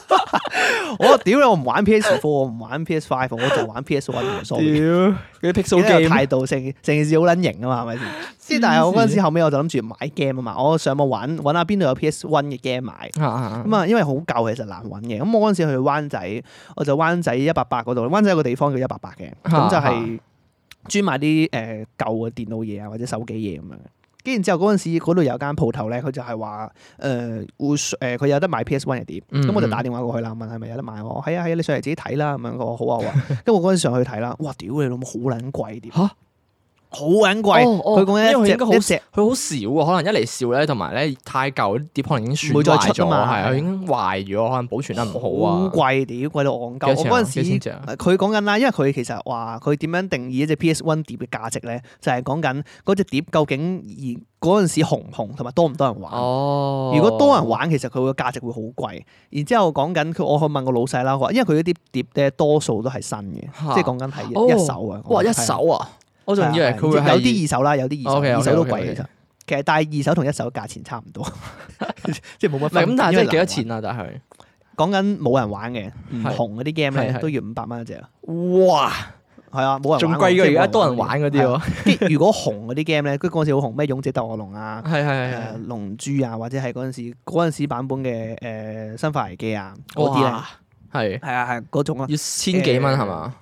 我屌你，我唔玩 PS Four，我唔玩 PS Five，我就玩 PS One。屌，佢啲 Pixel Game 態度成成件事好撚型啊嘛，係咪先？即係但係我嗰陣時後尾我就諗住買 game 啊嘛，我上網搵搵下邊度有 PS One 嘅 game 買。咁啊，因為好舊其實難搵嘅。咁我嗰陣時去灣仔，我就灣仔一百八嗰度，灣仔有個地方叫一百八嘅，咁就係專賣啲誒舊嘅電腦嘢啊或者手機嘢咁樣。跟住然之後嗰陣時嗰度有間鋪頭咧，佢就係話誒會誒佢有得賣 PS One 係點，咁、嗯嗯、我就打電話過去啦，問係咪有得賣我？係啊係啊，你上嚟自己睇啦咁樣。我好啊好啊，咁、啊、 我嗰陣時上去睇啦，哇！屌你老母好撚貴點好撚貴，佢講咧，因為佢應該好少，佢好少喎。可能一嚟少咧，同埋咧太舊啲碟可能已經損壞咗，係佢已經壞咗，可能保存得唔好啊。好貴，屌貴到戇鳩。我嗰陣時佢講緊啦，因為佢其實話佢點樣定義一隻 PS One 碟嘅價值咧，就係講緊嗰隻碟究竟而嗰陣時紅唔紅，同埋多唔多人玩。如果多人玩，其實佢個價值會好貴。然之後講緊我去問個老細啦，因為佢啲碟咧多數都係新嘅，即係講緊係一手嘅。哇，一手啊！我仲以為佢會有啲二手啦，有啲二手，二手都貴其實。其實但係二手同一手價錢差唔多，即係冇乜分別，咁，但係即係幾多錢啊？但係講緊冇人玩嘅唔紅嗰啲 game 咧，都要五百蚊一隻。哇！係啊，冇人。仲貴過而家多人玩嗰啲喎。如果紅嗰啲 game 咧，佢嗰陣時好紅咩？勇者鬥惡龍啊，係係龍珠啊，或者係嗰陣時嗰陣時版本嘅誒生化危機啊，嗰啲啊，係係啊係嗰種啊，要千幾蚊係嘛？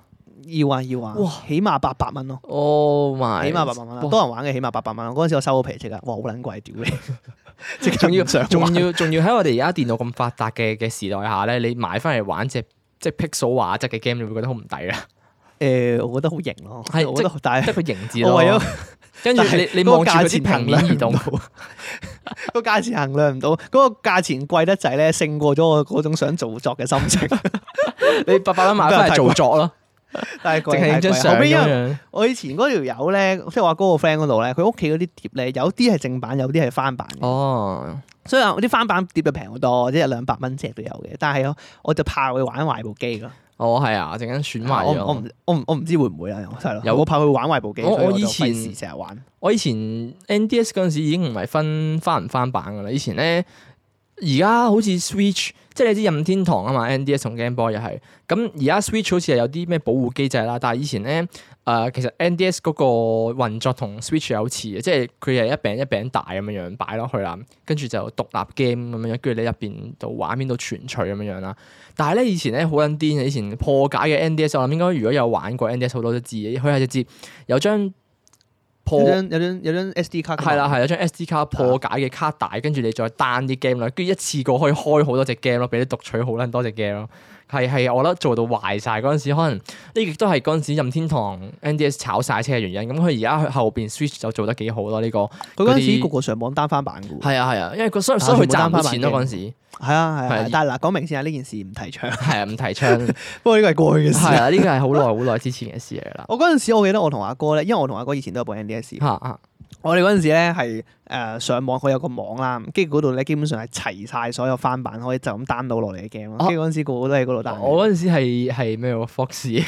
要啊要啊！哇，起碼八百蚊咯！哦咪，起碼八百蚊啦，多人玩嘅起碼八百蚊咯。嗰陣時我收好皮即刻，哇好撚貴屌你！仲要仲要仲要喺我哋而家電腦咁發達嘅嘅時代下咧，你買翻嚟玩隻即係 Pixel 畫質嘅 game，你會覺得好唔抵啊？誒，我覺得好型咯，係，但係即係個型字咯。跟住你你個價錢衡量唔到，個價錢衡量唔到，嗰個價錢貴得滯咧，勝過咗我嗰種想做作嘅心情。你八百蚊買翻嚟都係做作咯。 但係淨係我以前嗰條 友咧，即係話嗰個 friend 嗰度咧，佢屋企嗰啲碟咧，有啲係正版，有啲係翻版。哦，所以啊，啲翻版碟就平好多，即係兩百蚊隻都有嘅。但係我就怕佢玩壞部機咯。哦，係啊，陣間損壞咗。我唔我唔我唔知會唔會啊？係咯，又我怕佢玩壞部機。我我以前成日玩。哦。我以前，前 NDS 嗰陣時已經唔係分翻唔翻版噶啦，以前咧。而家好似 Switch，即係你知任天堂啊嘛，NDS 同 Game Boy 又係。咁而家 Switch 好似係有啲咩保護機制啦。但係以前咧，誒、呃、其實 NDS 嗰個運作同 Switch 有似嘅，即係佢係一餅一餅大咁樣樣擺落去啦，跟住就獨立 game 咁樣樣，跟住你入邊到畫面到全取咁樣樣啦。但係咧以前咧好撚癲啊！以前破解嘅 NDS，我諗應該如果有玩過 NDS 好多都知，佢係直接有張。破有張有張 SD Card 的有張 SD 卡，係啦係啦，有張 SD 卡破解嘅卡帶，跟住是的 你再 down 啲 game 咯，跟住一次過可以開好多隻 game 咯，俾你讀取好撚多隻 game 咯。係係，是是我覺得做到壞晒。嗰陣時，可能呢亦都係嗰陣時任天堂 NDS 炒晒車嘅原因。咁佢而家佢後邊 Switch 就做得幾好咯，呢、這個佢嗰陣時個些個上網單翻版嘅。係啊係啊，因為佢所以所以佢賺翻錢咯嗰陣時。係啊係啊，但係嗱講明先啊，呢件事唔提倡。係 啊唔提倡。 不過呢個係過去嘅事。係 啊，呢個係好耐好耐之前嘅事嚟啦。 我嗰陣時我記得我同阿哥咧，因為我同阿哥以前都有部 NDS。 我哋嗰陣時咧係誒上網，佢有個網啦，跟住嗰度咧基本上係齊晒所有翻版可以就咁 down 到落嚟嘅 game 咯。跟住嗰陣時個個都喺嗰度 down。我嗰陣時係係咩喎？Foxy，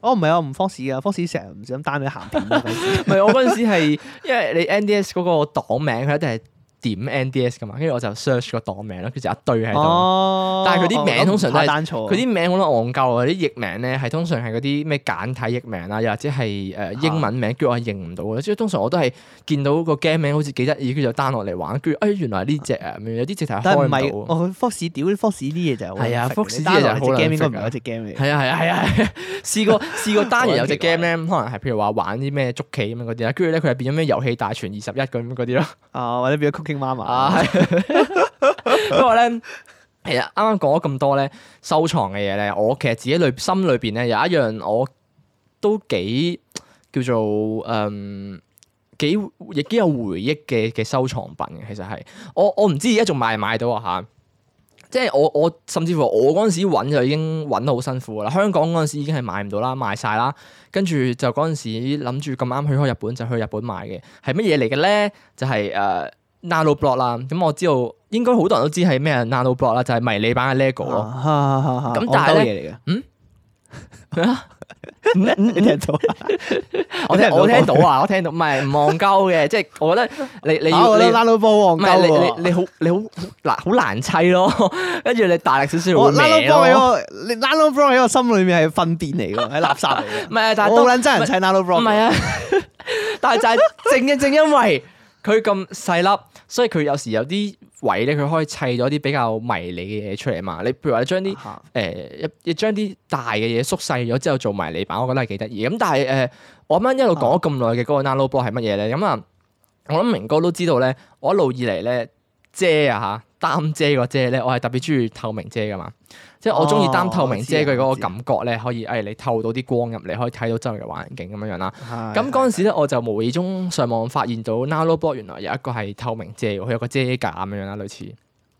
我唔係啊，唔 Foxy 嘅，Foxy 成日唔小心 down 咗啲鹹片啊！唔係我嗰陣時係因為你 NDS 嗰個檔名佢一定係。點 NDS 噶嘛，跟住我就 search 個檔名咯，佢就一堆喺度。但係佢啲名通常都係單錯。佢啲名好能戇鳩啊，啲譯名咧係通常係嗰啲咩簡體譯名啊，又或者係誒英文名，跟叫我係認唔到嘅。即以通常我都係見到個 game 名好似幾得意，跟佢就 down 落嚟玩。跟住誒原來呢隻啊，有啲直頭開唔到。但係，我 Foxi 屌 Foxi 啲嘢就係啊，Foxi 嘢就係隻 game 應唔係一隻 game 嚟。係啊係啊係啊，試過試過 down 有隻 game 咧，可能係譬如話玩啲咩捉棋咁樣嗰啲啦，跟住咧佢係變咗咩遊戲大全二十一咁嗰啲咯。啊，或者變咗捉棋。媽媽，不過咧，其實啱啱講咗咁多咧，收藏嘅嘢咧，我其實自己裏心裏邊咧，有一樣我都幾叫做誒、嗯，幾亦幾有回憶嘅嘅收藏品嘅，其實係我我唔知而家仲買唔買到啊。吓，即係我我甚至乎我嗰陣時揾就已經揾到好辛苦啦，香港嗰陣時已經係買唔到啦，賣晒啦，跟住就嗰陣時諗住咁啱去開日本就去日本買嘅，係乜嘢嚟嘅咧？就係、是、誒。呃 NanoBlock 啦，咁我知道應該好多人都知係咩 NanoBlock 啦，就係迷你版嘅 LEGO 咯。咁大嘅嘢嚟嘅，嗯咩啊？我聽唔到，我聽到啊！我聽到，唔係忘鳩嘅，即係我覺得你你好你好你好難好難砌咯，跟住你大力少少會。NanoBlock 喺我 NanoBlock 喺我心裏面係糞便嚟㗎，係垃圾嚟嘅。唔係啊，但係都撚真人砌 NanoBlock。唔係啊，但係就係正正因為佢咁細粒。所以佢有時有啲位咧，佢可以砌咗啲比較迷你嘅嘢出嚟嘛。你譬如話，你將啲誒一，你將啲大嘅嘢縮細咗之後做迷你版，我覺得係幾得意。咁但係誒、呃，我啱啱一路講咗咁耐嘅嗰個 nano blocknanoblock 係乜嘢咧？咁啊、嗯，我諗明哥都知道咧。我一路以嚟咧。遮啊嚇，擔遮個遮咧，我係特別中意透明遮噶嘛，哦、即係我中意擔透明遮佢嗰個感覺咧，可以誒你透到啲光入嚟，可以睇到周圍嘅環境咁樣樣啦。咁嗰陣時咧，我就無意中上網發現到 nanoblock 原來有一個係透明遮，佢有個遮架咁樣啦，類似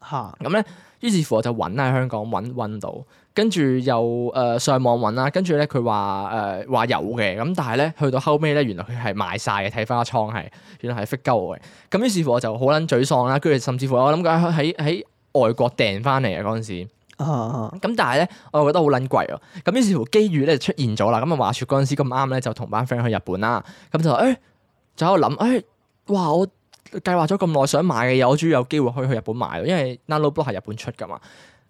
嚇。咁咧的，於是乎我就揾喺香港揾揾到。跟住又誒上網揾啦，跟住咧佢話誒話有嘅，咁但係咧去到後尾咧，原來佢係賣晒嘅。睇翻個倉係原來係復鳩嘅。咁於是乎我就好撚沮喪啦。跟住甚至乎我諗緊喺喺外國訂翻嚟嘅嗰陣時，咁但係咧我又覺得好撚貴喎。咁於是乎機遇咧就出現咗啦。咁話説嗰陣時咁啱咧，就同班 friend 去日本啦。咁、欸、就誒就喺度諗誒，哇！我計劃咗咁耐想買嘅嘢，我終於有機會可以去日本買咯，因為 nanoblock 係日本出噶嘛。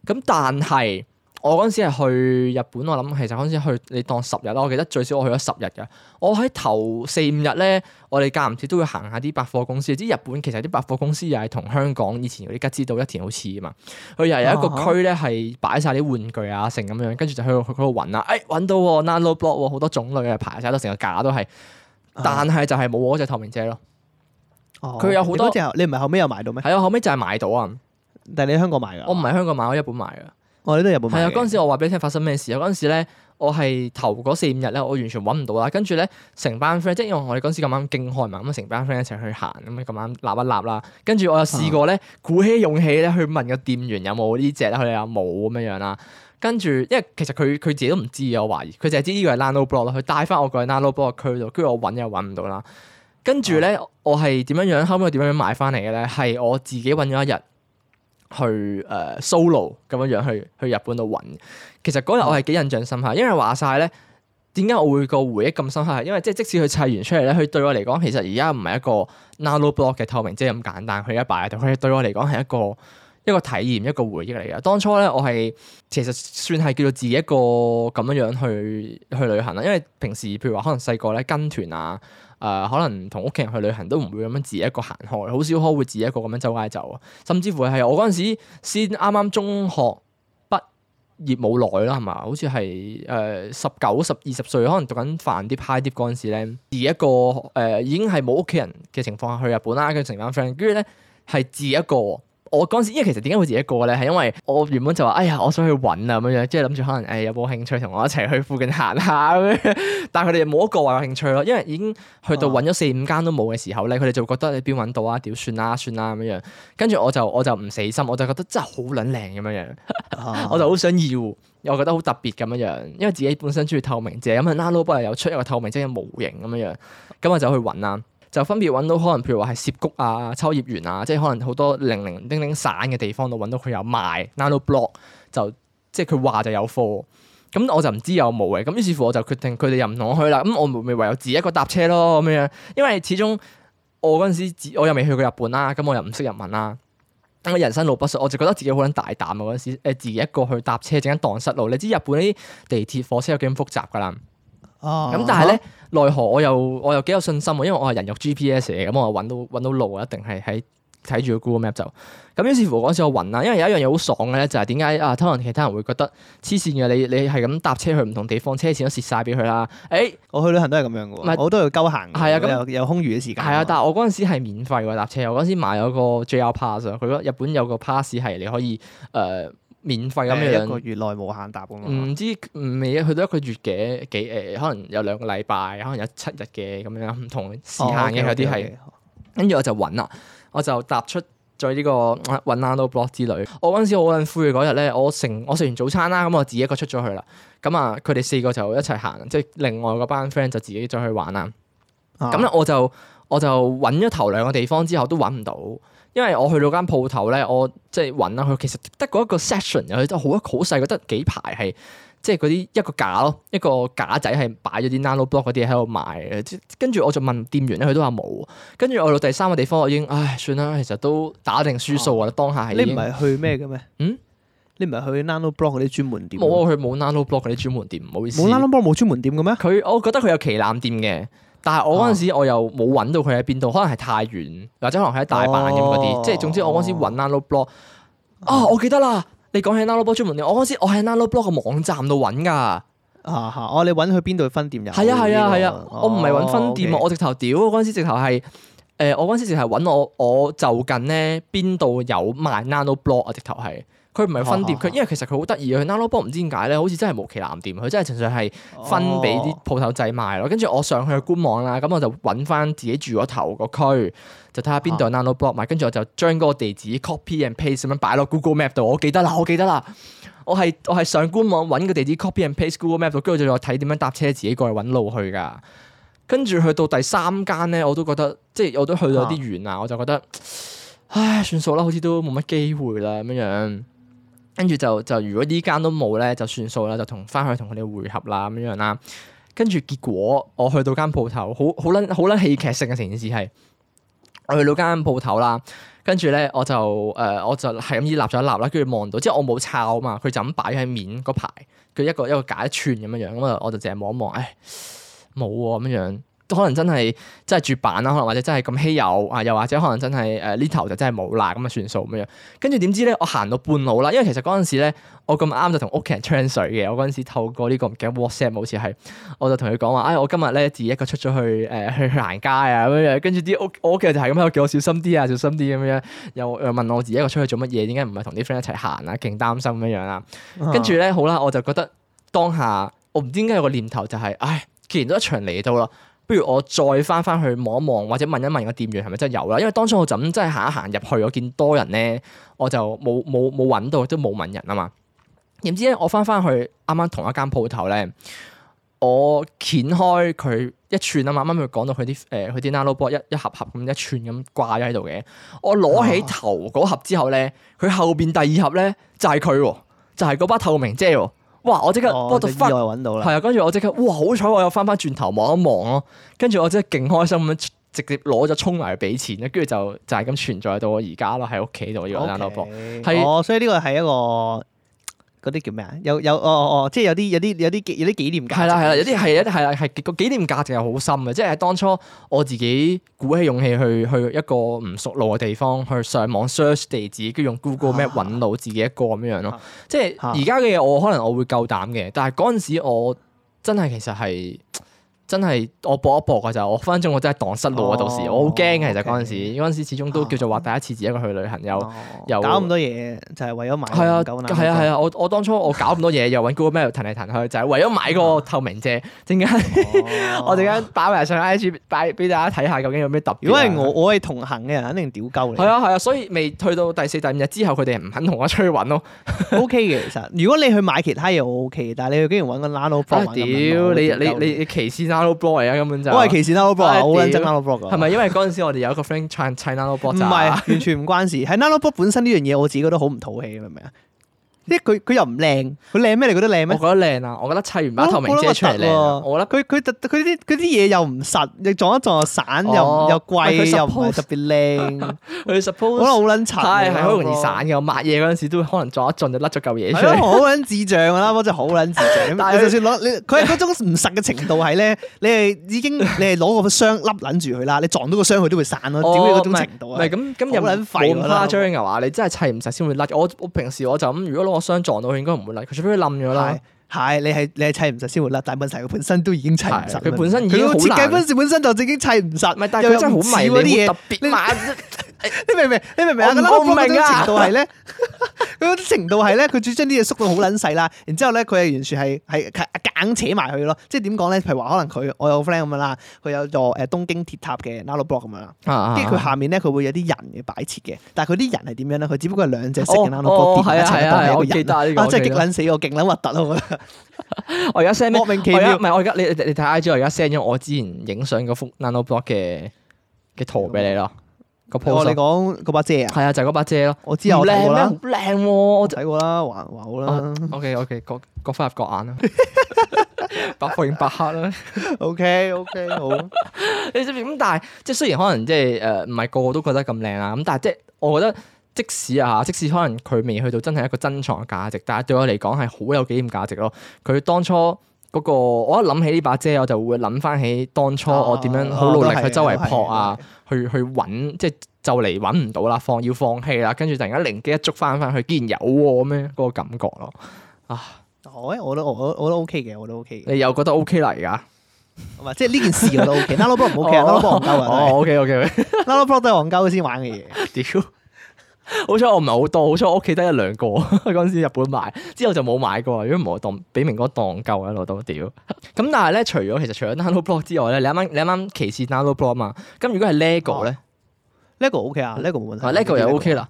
咁但係。我嗰陣時係去日本，我諗其實嗰陣時去你當十日啦。我記得最少我去咗十日㗎。我喺頭四五日咧，我哋間唔時都會行下啲百貨公司。知日本其實啲百貨公司又係同香港以前嗰啲吉之島、一田好似啊嘛。佢又有一個區咧係擺晒啲玩具啊、成咁樣，跟住就去去嗰度揾啦。誒、哎、揾到喎 Nano Block 好多種類嘅，排曬到成個架都係，但係就係冇嗰隻透明車咯。佢、哦、有好多隻，你唔係後尾又買到咩？係啊，後尾就係買到啊。但係你喺香港買㗎？我唔係香港買，我喺日本買㗎。我呢度有部。係啊，哦，嗰陣時我話俾你聽發生咩事啊！嗰陣時咧，我係頭嗰四五日咧，我完全搵唔到啦。跟住咧，成班 friend，即係因為我哋嗰陣時咁啱勁開埋，咁成班 friend 一齊去行，咁啊咁啱立一立啦。跟住我又試過咧，鼓起勇氣咧去問個店員有冇呢隻，佢哋話冇咁樣樣啦。跟住，因為其實佢佢自己都唔知啊，我懷疑佢淨係知呢個係 nano block 咯。佢帶翻我過去 nano block 區度，跟住我搵又搵唔到啦。跟住咧，我係點樣樣，哦、後尾我點樣樣買翻嚟嘅咧？係我自己搵咗一日。去誒、uh, solo 咁樣樣去去日本度揾，其實嗰日我係幾印象深刻，因為話晒咧，點解我會個回憶咁深刻？因為即係即使佢砌完出嚟咧，佢對我嚟講其實而家唔係一個 nano block 嘅透明啫咁簡單，佢一擺喺度，佢係對我嚟講係一個一個體驗一個回憶嚟嘅。當初咧我係其實算係叫做自己一個咁樣樣去去旅行啦，因為平時譬如話可能細個咧跟團啊。誒、呃、可能同屋企人去旅行都唔會咁樣自己一個行開，好少可會自己一個咁樣周街走啊。甚至乎係我嗰陣時先啱啱中學畢業冇耐啦，係嘛？好似係誒十九、二十歲，可能讀緊飯碟派啲嗰陣時咧，自己一個誒已經係冇屋企人嘅情況下去日本啦，跟住成班 friend，跟住咧係自己一個。呃我嗰陣時，因為其實點解會自己一個咧，係因為我原本就話，哎呀，我想去揾啊咁樣，即係諗住可能誒、哎、有冇興趣同我一齊去附近行下咁樣。但係佢哋冇一個話有興趣咯，因為已經去到揾咗四五間都冇嘅時候咧，佢哋就覺得你邊揾到啊？屌、啊，算啦，算啦咁樣。跟住我就我就唔死心，我就覺得真係好撚靚咁樣樣， 我就好想要，又覺得好特別咁樣樣，因為自己本身中意透明啫，咁啊，拉佬唔係有出一個透明即嘅模型咁樣樣，咁我就去揾啦、啊。就分別揾到可能譬如話係涉谷啊、秋葉原啊，即係可能好多零零丁丁散嘅地方度揾到佢有賣。nanoblock 就即係佢話就有貨，咁我就唔知有冇嘅。咁於是乎我就決定佢哋又唔同我去啦。咁我咪唯有自己一個搭車咯咁樣，因為始終我嗰陣時我又未去過日本啦，咁我又唔識日文啦，等咁人生路不熟，我就覺得自己好撚大膽啊嗰陣時誒，自己一個去搭車，陣間蕩失路。你知日本啲地鐵火車有幾咁複雜㗎啦～咁、嗯、但係咧，奈何、啊、我又我又幾有信心喎，因為我係人肉 GPS 嚟嘅。咁我揾到揾到路啊，一定係喺睇住個 Google Map 走。咁於是乎嗰陣時我暈啦，因為有一樣嘢好爽嘅咧，就係點解啊？可能其他人會覺得黐線嘅，你你係咁搭車去唔同地方，車錢都蝕晒俾佢啦。誒、欸，我去旅行都係咁樣嘅喎，唔係是我都要鳩行嘅，係啊，有有空餘嘅時間。係啊，但係我嗰陣時係免費喎搭車，我嗰陣時買咗個 JR pass 佢個日本有個 pass 係你可以誒。呃免費咁樣一個月內無限搭，咁唔知未去到一個月嘅，幾誒、呃，可能有兩個禮拜，可能有七日嘅，咁樣唔同時限嘅嗰啲係。跟住、哦 okay, okay, okay, okay，我就揾啦，我就搭出咗、這、呢個雲南到 blog 之旅。我嗰陣時好辛苦嘅嗰日咧，我食我食完早餐啦，咁我自己一個出咗去啦。咁啊，佢哋四個就一齊行，即係另外嗰班 friend 就自己再去玩啦。咁咧、啊，我就我就揾咗頭兩個地方之後都揾唔到。因為我去到間鋪頭咧，我即係揾啦，佢其實得嗰一個 session 又去得好好細，得幾排係即係嗰啲一個架咯，一個架仔係擺咗啲 nano block 嗰啲喺度賣。跟住我就問店員咧，佢都話冇。跟住我到第三個地方，我已經唉算啦，其實都打定輸數或者當下係。你唔係去咩嘅咩？嗯？你唔係去 nano block 嗰啲專門店？冇啊，佢冇 nano block 嗰啲專門店，唔好意思。冇 nano block 冇專門店嘅咩？佢，我覺得佢有旗艦店嘅。但係我嗰陣時我又冇揾到佢喺邊度，可能係太原或者可能喺大阪咁嗰啲，哦、即係總之我嗰陣時揾 Nano Block 啊、哦哦，我記得啦，你講起 Nano Block 專門店，我嗰陣時我喺 Nano Block 嘅網站度揾噶，啊啊，我你揾去邊度分店入？係啊係啊係啊，我唔係揾分店啊，我直頭屌嗰陣時直頭係，誒我嗰陣時直頭係揾我我就近咧邊度有賣 Nano Block 啊，直頭係。佢唔係分店，佢、啊、哈 因為其實佢好得意佢 Nano Block 唔知點解咧，好似真係無奇不店，佢真係純粹係分俾啲鋪頭仔賣咯。跟住、哦、我上去，去官網啦，咁我就揾翻自己住嗰頭個區，就睇下邊度有 Nano Block 賣。跟住我就將嗰個地址 copy and paste 咁樣擺落 Google Map 度，我記得啦，我記得啦。我係我係上官網揾個地址 copy and paste Google Map 度，跟住再睇點樣搭車自己過去揾路去噶。跟住去到第三間咧，我都覺得即係我都去到有啲遠啦，啊、我就覺得唉算數啦，好似都冇乜機會啦咁樣。跟住就就如果呢間都冇咧，就算數就啦，就同翻去同佢哋會合啦咁樣樣啦。跟住結果我去到間鋪頭，好好撚，好撚戲劇性嘅成件事係，我去到間鋪頭啦，跟住咧我就誒、呃、我就係咁依立咗一立啦，跟住望到，即係我冇抄啊嘛，佢就咁擺喺面嗰排，佢一個一個架一串咁樣樣，咁啊我就淨係望一望，唉冇喎咁樣。都可能真係真係絕版啦，可能或者真係咁稀有啊，又或者可能真係誒呢頭就真係冇啦咁啊，算數咁樣。跟住點知咧，我行到半路啦，因為其實嗰陣時咧，我咁啱就同屋企人吹水嘅，我嗰陣時透過呢個唔記得 WhatsApp，好似係我就同佢講話，唉、哎，我今日咧自己一個出咗去誒、呃、去行街啊咁樣。跟住啲屋我屋企人就係咁喺度叫我小心啲啊，小心啲咁樣。又又問我自己一個出去做乜嘢？點解唔係同啲 friend 一齊行啊？勁擔心咁樣啦。跟住咧好啦，我就覺得當下我唔知點解有個念頭就係、是，唉，既然都一場嚟到啦。不如我再翻翻去望一望，或者問一問個店員係咪真係有啦？因為當初我就咁真係行一行入去，我見多人咧，我就冇冇冇揾到，都冇問人啊嘛。點知咧，我翻翻去啱啱同一間鋪頭咧，我掀開佢一串啊嘛，啱啱佢講到佢啲誒佢啲 nanoblock 一一盒盒咁一串咁掛咗喺度嘅。我攞起頭嗰盒之後咧，佢、啊、後邊第二盒咧就係佢，就係、是、嗰把透明啫喎。哇！我即刻，我、哦、哇就翻，係啊，跟住我即刻，哇！好彩，我又翻翻轉頭望一望咯、啊，跟住我真係勁開心咁樣，直接攞咗衝埋去俾錢跟住就就係、是、咁存在到我而家咯，喺屋企度用單刀貨，係啊、哦。所以呢個係一個。嗰啲叫咩啊？有有哦哦，哦，即係有啲有啲有啲有啲紀念價值。係啦係啦，有啲係一啲係啦係個紀念價值又好深嘅，即係當初我自己鼓起勇氣去去一個唔熟路嘅地方去上網 search 地址，跟住用 Google Map 揾到自己一個咁樣咯。啊、即係而家嘅嘢，啊、我可能我會夠膽嘅，但係嗰陣時我真係其實係。真係我搏一搏嘅就，我分分鐘我真係蕩失路啊！到時我好驚啊！其實嗰陣時，陣時始終都叫做話第一次自己去旅行，又又搞咁多嘢，就係為咗買，係啊係啊，我我當初我搞咁多嘢，又搵 Google 咩又彈嚟彈去，就係為咗買個透明啫。正解，我陣間擺埋上 I G，擺俾大家睇下究竟有咩特。如果係我，我係同行嘅人，肯定屌鳩你。係啊係啊，所以未去到第四第五日之後，佢哋唔肯同我出去揾咯。O K 嘅，其實，如果你去買其他嘢，O K，但係你竟然搵個 nano p h o n 屌你你你歧視啦！nanoblock 啊，根本就我係歧視 nanoblock，好憎 nanoblock 嘅。係咪、啊、因為嗰陣時我哋有一個 friend c h i n a nanoblock 就唔係，完全唔關事。 nanoblock 本身呢樣嘢，我自己覺得好唔討氣，係咪啊？即係佢佢又唔靚，佢靚咩？你覺得靚咩？我覺得靚啊！我覺得砌完把透明遮出嚟靚。我覺得佢佢佢啲啲嘢又唔實，你撞一撞又散又又貴又唔係特別靚。佢 suppose 可能好卵沉，係好容易散嘅。我抹嘢嗰陣時都可能撞一撞就甩咗嚿嘢出嚟。好卵智障啦，我真係好卵智障。但係就算攞佢係嗰種唔實嘅程度係咧，你係已經你係攞個箱笠捻住佢啦。你撞到個箱佢都會散咯，屌你嗰種程度啊！咁咁有卵廢啦，咁誇張嘅話，你真係砌唔實先會甩。我我平時我就咁，如果攞。我想撞到佢應該唔會甩，佢除非佢冧咗啦。係你係你係砌唔實先會甩，但係問題佢本身都已經砌唔實，佢本身已經好難，設計本身就已經砌唔實，但係佢真係好迷你，冇特別欸、你明唔明？你明唔明啊？我唔明啊！程度係咧，佢嗰啲程度係咧，佢最將啲嘢縮到好撚細啦。然之後咧，佢係完全係係係硬扯埋去咯。即係點講咧？譬如話可能佢我有個 friend 咁樣啦，佢有座誒東京鐵塔嘅 nano block 咁樣啦。跟住佢下面咧，佢會有啲人嘅擺設嘅。但係佢啲人係點樣咧？佢只不過係兩隻色嘅 nano block 疊一齊，同埋人。哦、啊！即係激撚死我，勁撚核突咯！我而家 send 莫名其妙，唔係我而家你你你睇 IG，我而家 send 咗我之前影相嗰幅 nano block 嘅嘅圖俾你咯。哦哦，你講嗰把遮啊？係啊，就係、是、嗰把遮咯。我知，我睇過啦。靚、啊，我睇過啦，還還好啦。Oh, OK，OK，、okay, okay, 各各花入各眼啦，百貨應百客啦。OK，OK，好。 你知唔知咁？但係即係雖然可能即誒，唔係個個都覺得咁靚啊，咁但係即我覺得即使啊，即使可能佢未去到真係一個珍藏嘅價值，但係對我嚟講係好有紀念價值咯。佢當初。嗰、那個，我一諗起呢把遮，我就會諗翻起當初我點樣好努力去周圍撲啊，哦、去去揾，即係就嚟揾唔到啦，放要放棄啦，跟住突然間靈機一觸翻翻去，竟然有喎、啊、咩？嗰、那個感覺咯，啊、哦，我咧我都我我我都 OK 嘅，我都 OK。OK 你又覺得 OK 喇，而家，即係呢件事我都 OK, ok, OK。nanoblock 唔 OK 嘅，nanoblock 唔夠啊。哦，哦，OK OK，nanoblock 都係憨鳩先玩嘅嘢。 好彩我唔係好多，好彩我屋企得一兩個。嗰陣時日本買之後就冇買過，如果唔係當俾明哥當夠喺度當屌。咁但係咧，除咗其實除咗 nanoblock 之外咧，你啱啱你啱歧視 nanoblock 啊嘛。咁如果係 LEGO 咧，LEGO OK 啊，LEGO 冇問題，LEGO 又 OK 啦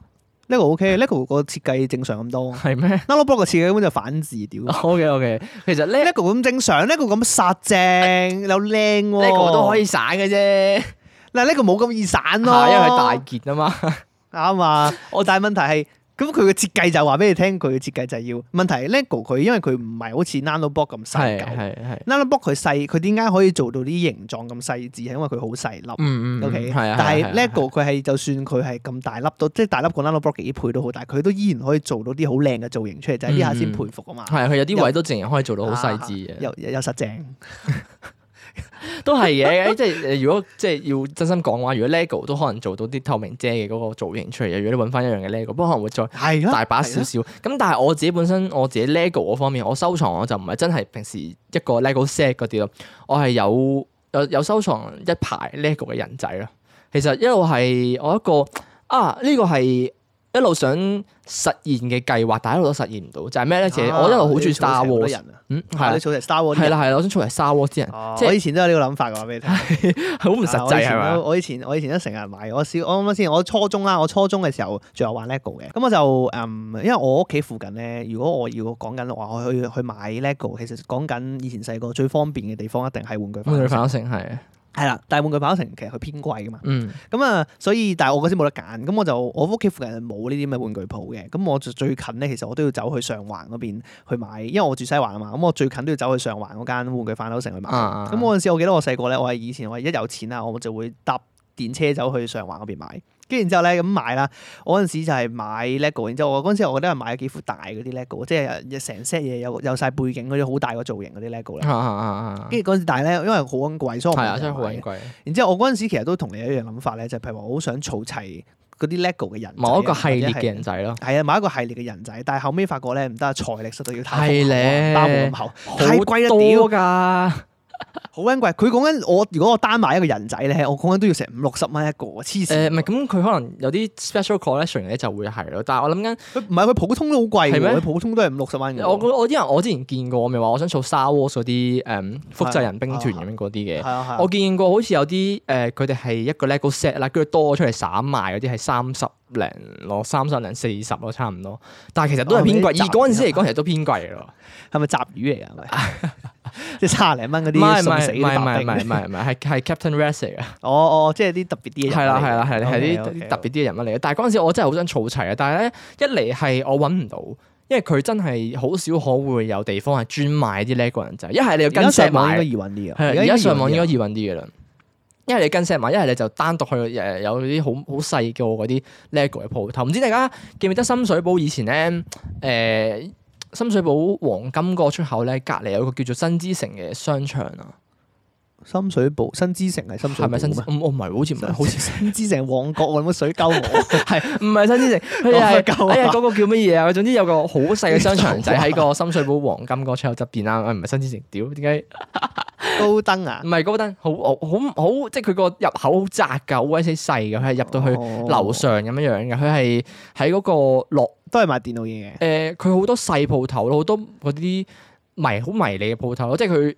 ，LEGO OK，LEGO 個設計正常咁多。係咩？nanoblock 個設計根本就反字屌。OK OK，其實 LEGO 咁正常，LEGO 咁殺正又靚，LEGO 都可以散嘅啫。嗱，LEGO 冇咁易散咯，因為佢大件啊嘛。啱啊！我、嗯、但係問題係，咁佢嘅設計就話俾你聽，佢嘅設計就係要問題。LEGO 佢因為佢唔係好似 Nano Block 咁細，Nano Block 佢細，佢點解可以做到啲形狀咁細緻？係因為佢好細粒，OK。但係 LEGO 佢係就算佢係咁大粒都，即係大粒過 Nano Block 幾倍都好，大，佢都依然可以做到啲好靚嘅造型出嚟，就係呢下先佩服啊嘛。係，佢有啲位都淨係可以做到好細緻嘅，又又又實淨。 都係嘅，即係如果即係要真心講嘅話，如果 LEGO 都可能做到啲透明遮嘅嗰個造型出嚟，如果你揾翻一樣嘅 LEGO，不過可能會再大把少少。咁但係我自己本身我自己 LEGO 嗰方面，我收藏我就唔係真係平時一個 LEGO set 嗰啲咯，我係有有有收藏一排 LEGO 嘅人仔咯。其實一路係我一個啊呢個係一路想實現嘅計劃，但係一路都實現唔到，就係咩咧？其實我一路好中意 Star Wars，嗯係，我想做嚟 Star Wars，係啦係啦，我想做嚟 Star Wars 啲人。即係我以前都有呢個諗法㗎，話俾你聽，好唔實際係嘛？我以前我以前都成日買，我試我諗下先，我初中啦，我初中嘅時候仲有玩 LEGO 嘅，咁我就嗯，因為我屋企附近咧，如果我要講緊話，我去去買 LEGO，其實講緊以前細個最方便嘅地方一定係玩具反斗玩具反斗城。係啦，但係玩具反斗城其實佢偏貴噶嘛，咁啊、嗯，所以但係我嗰陣冇得揀，咁我就我屋企附近冇呢啲咩玩具鋪嘅，咁我最最近咧，其實我都要走去上環嗰邊去買，因為我住西環啊嘛，咁我最近都要走去上環嗰間玩具反斗城去買。咁嗰陣時，我記得我細個咧，我係以前我一有錢啊，我就會搭電車走去上環嗰邊買。跟住之後咧，咁買啦。我嗰陣時就係買 Lego。然之後我嗰陣時，我覺得買咗幾副大嗰啲 Lego，即係成 set 嘢有有晒背景嗰啲好大個造型嗰啲 Lego 咧、啊。跟住嗰陣時，但係咧，因為好貴，所以我唔、啊、真係好貴。然之後我嗰陣時其實都同你一樣諗法咧，就係、是、話我好想儲齊嗰啲 Lego 嘅人，某一個系列嘅人仔咯。係啊，某一個系列嘅人仔。啊、但係後尾發覺咧，唔得，財力實在要太雄厚，包冇咁厚，太貴啊！屌㗎～好貴！佢講緊我，如果我單買一個人仔咧，我講緊都要成五六十蚊一個，黐線。誒、呃，唔係咁，佢可能有啲 special collection 咧就會係咯，但係我諗緊，唔係佢普通都好貴嘅，佢嗎普通都係五六十蚊一個。我我啲人我之前見過，咪話我想做 Star Wars 嗰啲誒複製人兵團咁樣嗰啲嘅，啊啊、些我見過好似有啲誒，佢哋係一個 lego set 啦，跟住多出嚟散賣嗰啲係三十零咯，三十零四十咯，差唔多。但係其實都係偏貴，以嗰陣時嚟講，其實 都偏貴咯，係咪雜魚嚟噶？ 即係卅零蚊嗰啲，唔係唔係唔係唔係唔係，係 Captain Racer 啊！哦哦，即係啲特別啲嘅，係啦係啦係係啲特別啲嘅人物嚟嘅。但係嗰陣時我真係好想儲齊啊！但係咧一嚟係我揾唔到，因為佢真係好少可會有地方係專賣啲 Lego 人仔。一係你要跟上網應該易揾啲啊，而家上網應該易揾啲嘅啦。一係你跟上買，一係你就單獨去誒有啲好好細個嗰啲 Lego 嘅鋪頭。唔知大家記唔記得深水埗以前咧誒？深水埗黃金嗰個出口咧，隔籬有個叫做新之城嘅商場啊。深水埗新之城係深水埗，係咪新？唔，我唔係，好似唔係，之好似新之城旺角搵乜 水溝河，係唔係新之城？佢 哎呀，嗰、那個叫乜嘢啊？總之有個好細嘅商場仔喺個深水埗黃金個出口側邊啦，唔係新之城，屌點解高登啊？唔係高登，好好好，即係佢個入口好窄噶，好鬼死細噶，佢係入到去樓上咁樣樣嘅，佢係喺嗰個落都係賣電腦嘢嘅。誒、呃，佢好多細鋪頭咯，好多嗰啲迷好迷你嘅鋪頭即係佢。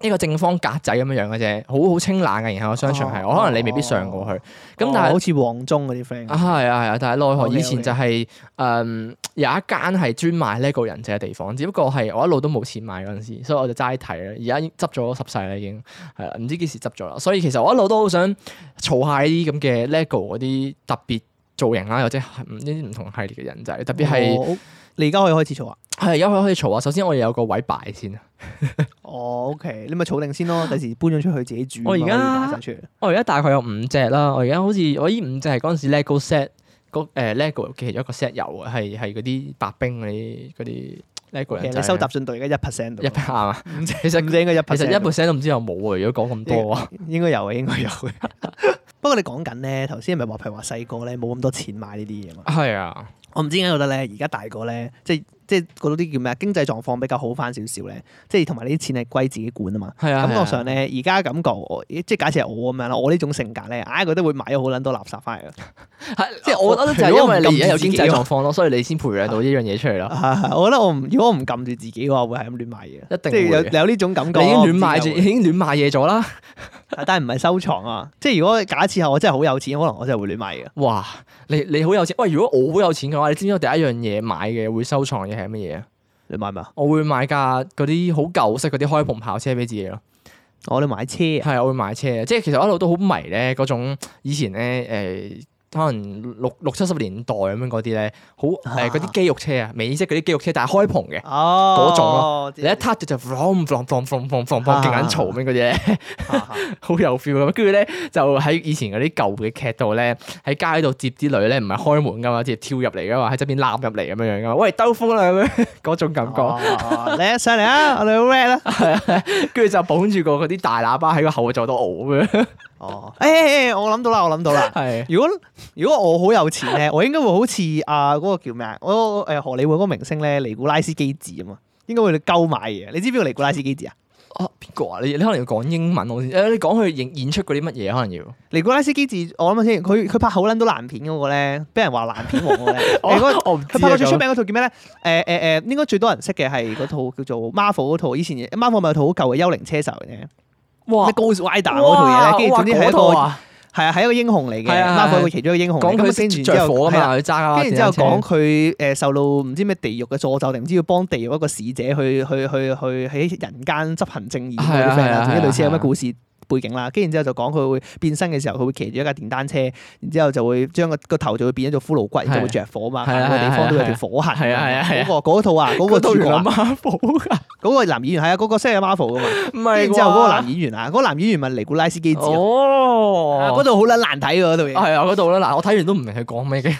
一個正方格仔咁樣樣嘅啫，好好清冷嘅。然後個商場係，哦、我可能你未必上過去。咁、哦、但係是、哦，好似旺中嗰啲 friend。係啊係啊，但係奈何以前就係、是，誒 Okay, okay.、嗯、有一間係專賣 lego 人仔嘅地方，只不過係我一路都冇錢買嗰陣時，所以我就齋睇啦。而家執咗十世啦，已經係啦，唔知幾時執咗。所以其實我一路都好想儲下呢啲咁嘅 lego 嗰啲特別造型啦，又即係呢啲唔同系列嘅人仔，特別係。哦你而家可以開始嘈啊！係，而家可以開始嘈啊！首先我哋有個位擺先啊。 哦，OK，你咪儲定先咯，第時搬咗出去自己住。 我而家在我而家大概有五隻啦。我而家好似我依五隻係嗰陣時 LEGO set 嗰、欸、LEGO 其中一個 set 有啊，係係嗰啲白兵嗰啲嗰啲 LEGO。其實你收集進度而家一 percent 到一 percent 五隻，其實五隻應該一 percent。其實一 percent 都唔知有冇喎。如果講咁多啊，應該有嘅，應該有嘅。不過你講緊咧，頭先係咪話譬如話細個咧冇咁多錢買呢啲嘢嘛？係啊。我唔知點解覺得咧，而家大個咧，即係。即係嗰啲叫咩啊？經濟狀況比較好翻少少咧，即係同埋呢啲錢係歸自己管啊嘛。是啊感，呢感覺上咧，而家感覺即係假設係我咁樣咯，我呢種性格咧，唉覺得會買咗好撚多垃圾翻嚟啊。即係我覺得我如果 就係因為你而家有經濟狀況咯，所以你先培養到呢樣嘢出嚟咯、啊啊。我覺得我如果我唔撳住自己嘅話，會係咁亂買嘢。一定有呢種感覺，已經亂買已經亂買嘢咗啦。 但係唔係收藏啊？即係如果假設係我真係好有錢，可能我真係會亂買嘢。哇！你你好有錢喂？如果我好有錢嘅話，你知唔知我第一樣嘢買嘅會收藏嘅？係乜嘢啊？你買唔買啊？我會買架嗰啲好舊式嗰啲開篷跑車俾自己咯。我哋買車，係啊，我會買車。即係其實我一路都好迷咧，嗰種以前咧誒。呃可能六六七十年代咁樣嗰啲咧，好誒嗰啲肌肉車啊，美式嗰啲肌肉車，但係開篷嘅，嗰、哦、種咯。知你一撻着就 from from from from from from，勁緊嘈咁樣嗰啲咧，好有 feel 咁。跟住咧就喺以前嗰啲舊嘅劇度咧，喺街度接啲女咧，唔係開門噶嘛，直接跳入嚟噶嘛，喺側邊攬入嚟咁樣樣噶嘛，喂，兜風啦咁樣，嗰種感覺。 你 上嚟啊，我哋好咩啦。跟住就捧住個嗰啲大喇叭喺個後座度嗷咁樣。哦，誒、欸欸欸，我諗到啦，我諗到啦。係是的，如果如果我好有錢咧， 我應該會好似啊嗰、那個叫咩啊？我、呃、誒荷里活嗰個明星咧，尼古拉斯基治啊嘛，應該會去購買嘢。你知唔知個尼古拉斯基治啊？啊，邊個啊？你你可能要講英文我先。誒、啊，你講佢演出嗰啲乜嘢？可能要尼古拉斯基治。我諗下先，佢佢拍好撚到爛片嗰、那個咧，俾人話爛片王嗰、那個咧。我佢、啊、拍過最出名嗰套叫咩咧？誒誒誒，應該最多人識嘅係嗰套叫做 Marvel 嗰套。以前 Marvel 咪有套好舊嘅《幽靈車手》嘅。哇！咩 Ghost Rider 嗰套嘢，跟住總之係一個係啊，係一個英雄嚟嘅，Marvel 其中一個英雄。講佢先燃着火啊嘛，跟住之後講佢誒，受到唔知咩地獄嘅詛咒，定唔知要幫地獄一個使者去去去去喺人間執行正義嗰啲 friend 啊，總之類似有咩故事。背景啦，跟然之後就講佢會變身嘅時候，佢會騎住一架電單車，然之後就會將個個頭就會變咗做骷髏骨，就會着火嘛，每個地方都有條火痕。係啊係啊，嗰個嗰套啊，嗰個主角。到 Marvel 噶，嗰個男演員係啊，嗰個 s h a Marvel 噶嘛。唔係，跟住之後嗰個男演員啊，嗰個男演員咪尼古拉斯基治哦，嗰度好撚難睇喎，嗰度。係啊，嗰度啦。嗱，我睇完都唔明佢講咩嘅。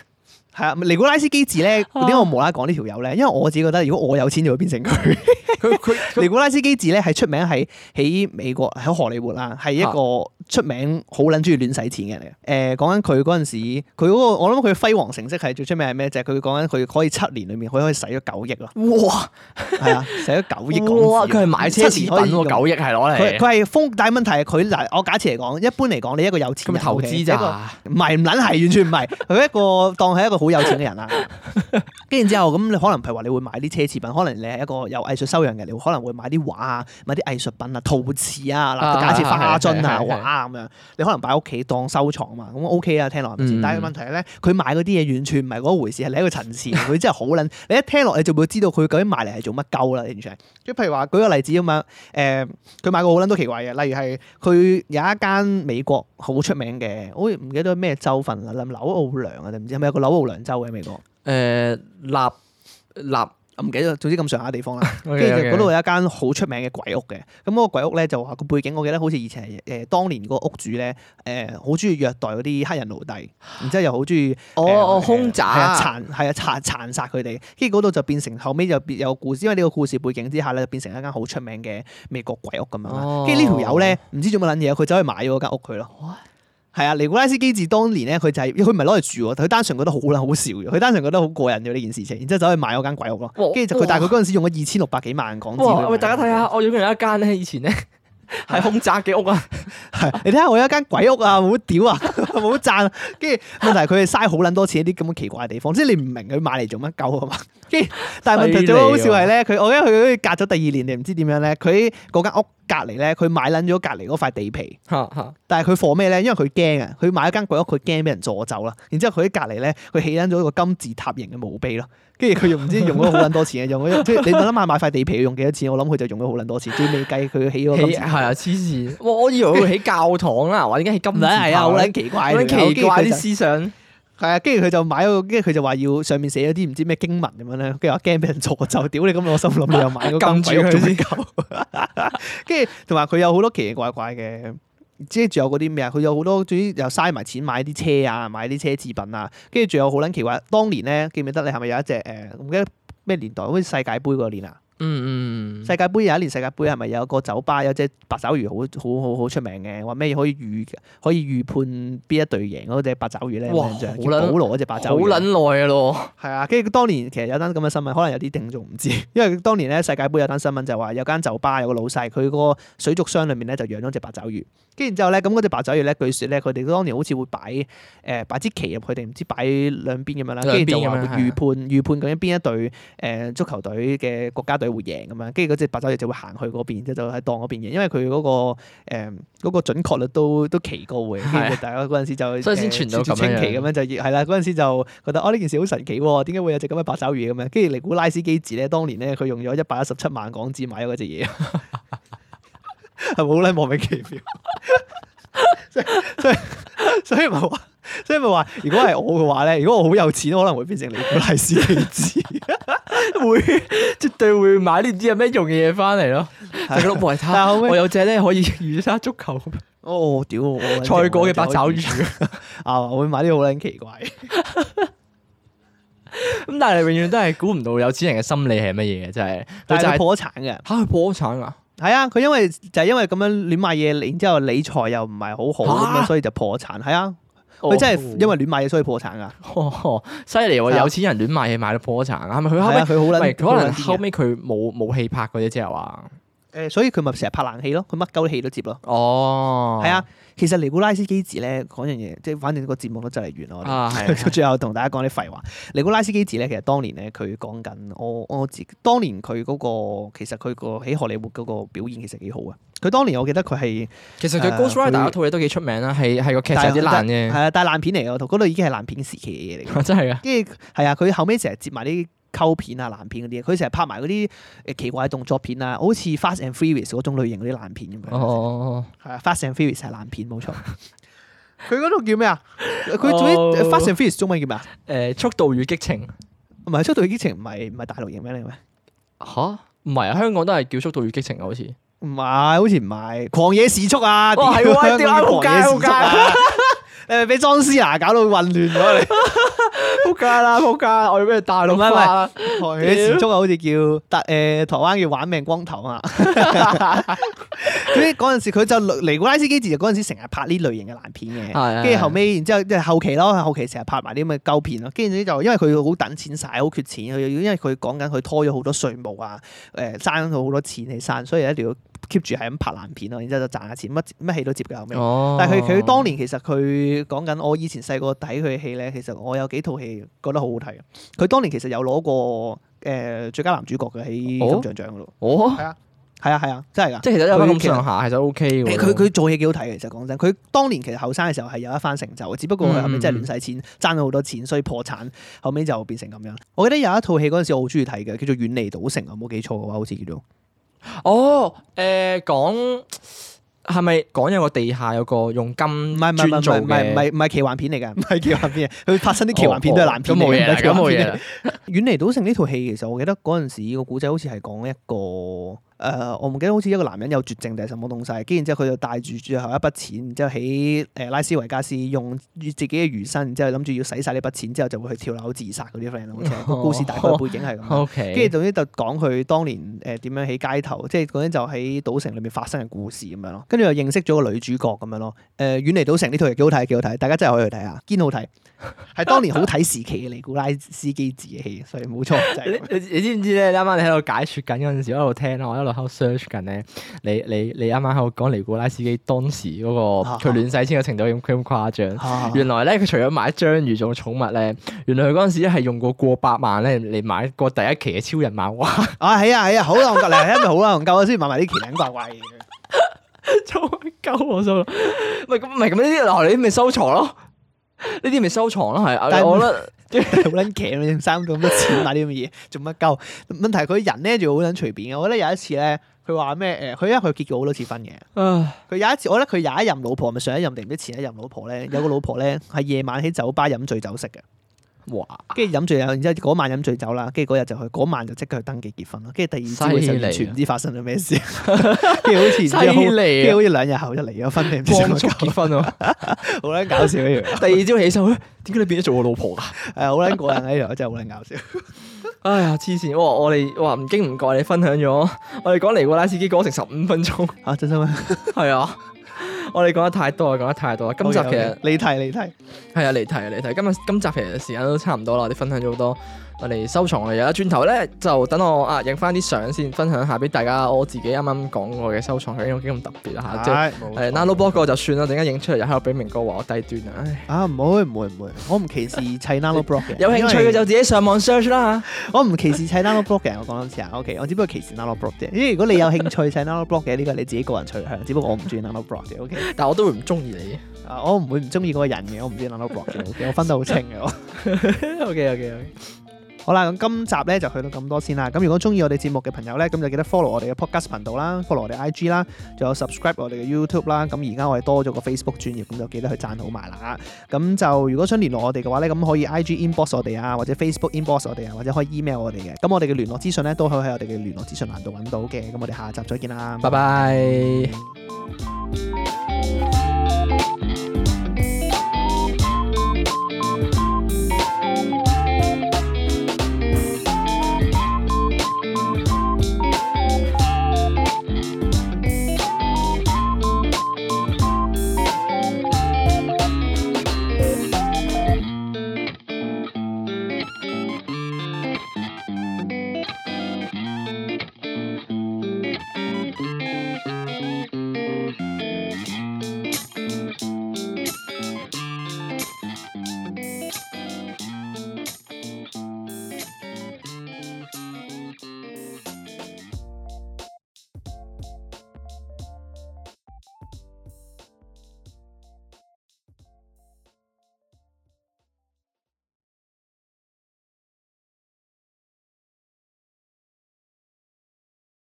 係啊，尼古拉斯基治咧點解我無啦啦講呢條友咧？因為我自己覺得，如果我有錢就會變成佢。 尼古拉斯基治咧，係出名喺喺美國喺荷里活啦，係一個出名好捻中意亂使錢嘅人嚟，啊。誒，講緊佢嗰陣時，佢嗰個我諗佢輝煌成績係最出名係咩就係？佢講緊佢可以七年裏面佢可以使咗九億咯。哇！係哇 啊，使咗九億。哇！佢係買奢侈品九億係攞嚟。佢佢係豐，但係問題係佢嗱，我假設嚟講，一般嚟講，你一個有錢嘅投資者，唔係唔捻係，完全唔係，佢一個當係一個好有錢嘅人啦。跟住之後咁，你可能譬如話你會買啲奢侈品，可能你係一個有藝術修養。你可能會買啲畫啊，買啲藝術品啊，陶瓷啊，假設花樽啊、畫咁樣，你可能擺屋企當收藏啊嘛，咁 OK 啊，聽落唔知，但係問題係咧，佢買嗰啲嘢完全唔係嗰回事，係你一個層次，佢真係好撚。你一聽落，你就會知道佢究竟買嚟係做乜鳩啦，完全係。即譬如話，舉個例子啊嘛，誒，佢買個好撚都奇怪嘅，例如係佢有一間美國好出名嘅，我唔記得咩州份啦，紐奧良啊定唔知係咪有冇個紐奧良州嘅美國？誒，納納。唔記得，總之咁上下地方啦。跟住嗰度有一間好出名嘅鬼屋嘅。咁嗰個鬼屋咧，就話個背景我記得好似以前誒、呃，當年個屋主咧誒，好中意虐待嗰啲黑人奴隸，然之後又好中意哦哦，兇殘，係詐啊，殘啊殘，殘殺佢哋。跟住嗰度就變成後尾，就有個故事，因為呢個故事背景之下咧，就變成一間好出名嘅美國鬼屋咁樣啦。跟住呢條友咧，唔知做乜撚嘢，佢走去買咗間屋佢咯。係啊，尼古拉斯基治當年咧，佢就係佢唔係攞嚟住喎，佢單純覺得好撚好笑嘅，佢單純覺得好過癮嘅呢件事情，然之後走去買嗰間鬼屋咯，跟住就佢但係佢嗰陣時用咗二千六百幾萬港紙。哇！哇，大家睇下，我仲有一間咧，以前咧。係空宅嘅屋啊， 係你睇下我有一間鬼屋啊，好屌啊，好讚啊。跟住問題佢嘥好捻多錢啲咁嘅奇怪嘅地方，即係 你唔明佢買嚟做乜鳩啊嘛。跟住 但係問題最好笑係咧，佢 我諗佢隔咗第二年你唔知點樣咧，佢嗰間屋隔籬咧，佢買捻咗隔籬嗰塊地皮。但係佢放咩咧？因為佢驚啊，佢買一間鬼屋，佢驚俾人坐走啦。然之後佢喺隔籬咧，佢起捻咗一個金字塔形嘅墓碑咯。跟住佢又唔知用咗好捻多錢 用咗即係你諗下買塊地皮要用幾多,多錢？我諗佢就用咗好捻多錢。最尾計佢起係啊，黐線！我以為佢會喺教堂啦，或者喺金……唔係啊，好撚奇怪，好奇怪啲思想。係啊，跟住佢就買咗，跟住佢就話要上面寫咗啲唔知咩經文咁樣咧，跟住話驚俾人詛咒，屌你咁！我心諗又買個金豬咗先夠。跟住同埋佢有好多奇奇怪怪嘅，即係仲有嗰啲咩啊？佢有好多，總之又嘥埋錢買啲車啊，買啲奢侈品啊。跟住仲有好撚奇怪，當年咧記唔、嗯、記得？你係咪有一隻誒？唔記得咩年代？好似世界盃嗰年啊！嗯嗯嗯，世界盃有一年世界盃係咪有個酒吧有隻八爪魚好好好好出名嘅？話咩可以預可以預判邊一隊贏嗰隻八爪魚咧？哇！好撚，保羅嗰隻八爪魚，好撚耐啊！咯，係啊！跟住當年其實有單咁嘅新聞，可能有啲聽眾唔知，因為當年咧世界盃有單新聞就話有間酒吧有個老細，佢個水族箱裏面咧就養咗隻八爪魚。跟住之後咧，咁嗰隻八爪魚咧，據說咧佢哋當年好似會擺誒擺支旗入去佢哋，唔知擺兩邊咁樣啦。就話預判預判究竟邊一隊誒、呃、足球隊嘅國家隊？會贏咁樣，跟住嗰隻八爪魚就會行去嗰邊，就就喺檔嗰邊贏，因為佢嗰、嗰個誒嗰、嗯嗰個準確率都都奇高嘅。的大家嗰陣時就所以先傳到咁、呃、樣，咁樣就係啦。嗰陣時就覺得哦，呢件事好神奇，點解會有隻咁嘅八爪魚咁樣？跟住尼古拉斯基治咧，當年咧佢用咗一百一十七萬港紙買咗嗰隻嘢，係咪好靚？莫名其妙，即係即係，所以咪話，所以咪話，如果係我嘅話咧，如果我好有錢，可能會變成尼古拉斯基治。 會絕對會買啲唔知有咩用嘅嘢翻嚟咯，right.，但係我有隻咧可以雨刷足球，哦屌！菜果嘅八爪魚啊，我會買啲好撚奇怪。咁但係永遠都係估唔到有錢人嘅心理係乜嘢嘅，真係，佢就係破產嘅吓，佢破產啊。係啊，佢因為就係因為咁樣亂買嘢，然之後理財又唔係好好咁樣，所以就破產。係啊。佢真係因為亂買嘢所以破產噶，犀利喎！有錢人亂買嘢買到破產，係咪佢後尾佢好可能後尾佢冇冇戲拍嗰啲啫，即係話，誒、呃，所以佢咪成日拍冷戲咯，佢乜鳩戲都接咯。哦，係啊，其實尼古拉斯基治咧講樣嘢，即係反正個節目都就嚟完啦。我啊，係，最後同大家講啲廢話。的尼古拉斯基治咧，其實當年咧佢講緊，我我、哦哦哦、自當年佢嗰，那個，其實佢個喺荷里活嗰個表現其實幾好啊。佢當年，我記得佢係，其實佢《Ghost Rider》嗰套嘢，都幾出名啦，係係他個劇情有啲爛嘅係啊，但係爛片嚟嘅，我同嗰套已經係爛片時期嘅嘢嚟，真係啊。跟住係啊，佢後尾成日接埋啲溝片啊、爛片嗰啲。佢成日拍埋嗰啲奇怪嘅動作片啊，好似《Fast and Furious》嗰種類型嗰啲爛片咁樣。哦，哦，哦，哦的，係啊，《Fast and Furious》係爛片冇錯。佢嗰套叫咩啊？佢總之，《Fast and Furious》中文叫咩啊？誒、呃，速度與激情，唔係速度與激情，唔係唔係大陸型咩嚟咩吓？唔係啊，香港都係叫速度與激情啊，好似。唔係，好似唔係狂野時速啊！我係啊，點解狂野時速啊？ 誒，俾莊思瑤搞到混亂咗你、 啊，撲街啦撲街！我要俾你大陸化啦。台始終啊，好似叫特，台灣叫玩命光頭啊。嗰嗰陣時，佢就尼古拉斯基治，嗰時成日拍呢類型嘅爛片嘅。跟住 後尾，然之 後即係後期咯，後期成日拍埋啲咩鳩片咯。跟住就因為佢好等錢晒，好缺錢。佢因為佢講緊佢拖咗好多稅務啊，誒、呃，生咗好多錢嚟賺，所以一定要。keep 住係咁拍爛片咯，然之後就賺下錢，乜乜戲都接嘅後尾。Oh. 但係佢佢當年其實佢講緊，我以前細個睇佢嘅戲咧，其實我有幾套戲覺得好好睇。佢當年其實有攞過誒、呃、最佳男主角嘅喺、oh? 金像獎嘅咯。係、oh? 啊，係啊，係啊，真係㗎、啊。即係其實有個咁上下係真 OK 嘅。佢佢做戲幾好睇嘅，其實講真。佢當年其實後生嘅時候係有一番成就，只不過佢後尾真係亂使錢，賺咗好多錢，所以破產。後尾就變成咁樣。我記得有一套戲嗰陣時我好中意睇嘅，叫做《遠離賭城》，我冇記錯嘅話，好似叫做。哦，誒、欸，講係咪講有個地下有個用金唔係唔係唔係唔係唔係奇幻片嚟嘅？唔係奇幻片，佢拍親啲奇幻片都係爛片嚟嘅，咁冇嘢，咁冇嘢。遠離賭城呢套戲，其實我記得嗰陣時個古仔好似係講一個。誒、呃，我唔記得好似一個男人有絕症定係什麼東西，跟住之後佢就帶住最後一筆錢，然之後喺誒、呃、拉斯維加斯用自己嘅餘生，然之後諗住要使晒呢筆錢，之後就會去跳樓自殺嗰啲 friend 好似個故事大概背景係咁。跟住總之就講佢當年誒、呃、點樣喺街頭，即係嗰陣就喺賭城裏面發生嘅故事咁樣咯。跟住又認識咗個女主角咁樣咯。誒、呃，遠離賭城呢套又幾好睇，幾好睇，大家真係可以去睇下，堅好睇。係 當年好睇時期嘅尼古拉斯基治嘅戲，所以冇錯。 你知唔知咧？啱啱你喺度解說緊嗰陣時，我喺度聽啦，我喺度 search 緊咧。你你你啱啱喺度講尼古拉斯基當時嗰個佢亂使錢嘅程度咁誇張。原來咧佢除咗買章魚做寵物咧，原來佢嗰陣時係用過過百萬咧嚟買過第一期嘅超人漫畫。啊係啊係啊，好啦，啊，我嚟、啊，因為好難夠啦，先買埋啲奇奇怪怪嘅。仲夠 救我數？唔係咁，唔係咁，呢啲落嚟啲咪收藏咯。呢啲咪收藏咯，係，但係是我覺得，即係好捻騎，你用成咁多錢買啲咁嘅嘢，做乜鳩？問題佢人咧就好捻隨便嘅，我覺得有一次咧，佢話咩？誒，佢因為佢結過好多次婚嘅，佢唉有一次，我覺得佢有一任老婆，咪上一任定唔知前一任老婆咧，有個老婆咧係夜晚喺酒吧飲醉酒食嘅。跟住飲醉酒，然之後嗰晚飲醉酒啦，跟住嗰日就去嗰晚就即刻去登記結婚啦。跟住第二朝起身就完全唔知發生咗咩事，跟住好似即刻好離，跟住好似兩日後就離咗婚，光速結婚喎，好撚搞笑一樣。第二朝起身咧，點解你變咗做我老婆㗎？好撚過癮一樣，真係好撚搞笑。哎呀，黐線！我話我哋話唔經唔覺你分享咗，我哋講尼古拉斯基治講成十五分鐘真心咩？係啊。我哋講得太多啦，講得太多啦。今集其實離題離題，係 Okay, okay, 啊離題離題。今日、啊、今集其實時間都差唔多啦，我哋分享咗好多。我哋收藏啊！有一轉頭咧，就等我啊，影翻啲相先，分享下俾大家。我自己啱啱講過嘅收藏係幾咁特別啊吓，即係 nanoblock 就算啦。陣間影出嚟又喺度俾明哥話我低端啊！唉啊，唔會唔會唔會，我唔歧視砌 nanoblock 嘅。有興趣嘅就自己上網 search 啦，我唔歧視砌 nanoblock 嘅，我講多次啊。O K，我只不過歧視 nanoblock 啫。咦？如果你有興趣砌 nanoblock 嘅，呢個你自己個人取向，只不過我唔中意 nanoblock 嘅。O K，但我都會唔中意你，我唔會唔中意嗰個人嘅，我唔中意 nanoblock 嘅。O K，我分得好清嘅。O K，O K，O K。好啦，咁今集咧就去到咁多先啦。咁如果中意我哋節目嘅朋友咧，咁就記得 follow 我哋嘅 Podcast 頻道啦，follow 我哋 IG 啦，仲有 subscribe 我哋嘅 YouTube 啦。咁而家我哋多咗個 Facebook 專頁，咁就記得去讚好埋啦。咁就如果想聯絡我哋嘅話咧，咁可以 IG inbox 我哋啊，或者 Facebook inbox 我哋啊，或者可以 email 我哋嘅。咁我哋嘅聯絡資訊咧，都可以喺我哋嘅聯絡資訊欄度揾到嘅。咁我哋下集再見啦，bye bye 拜拜。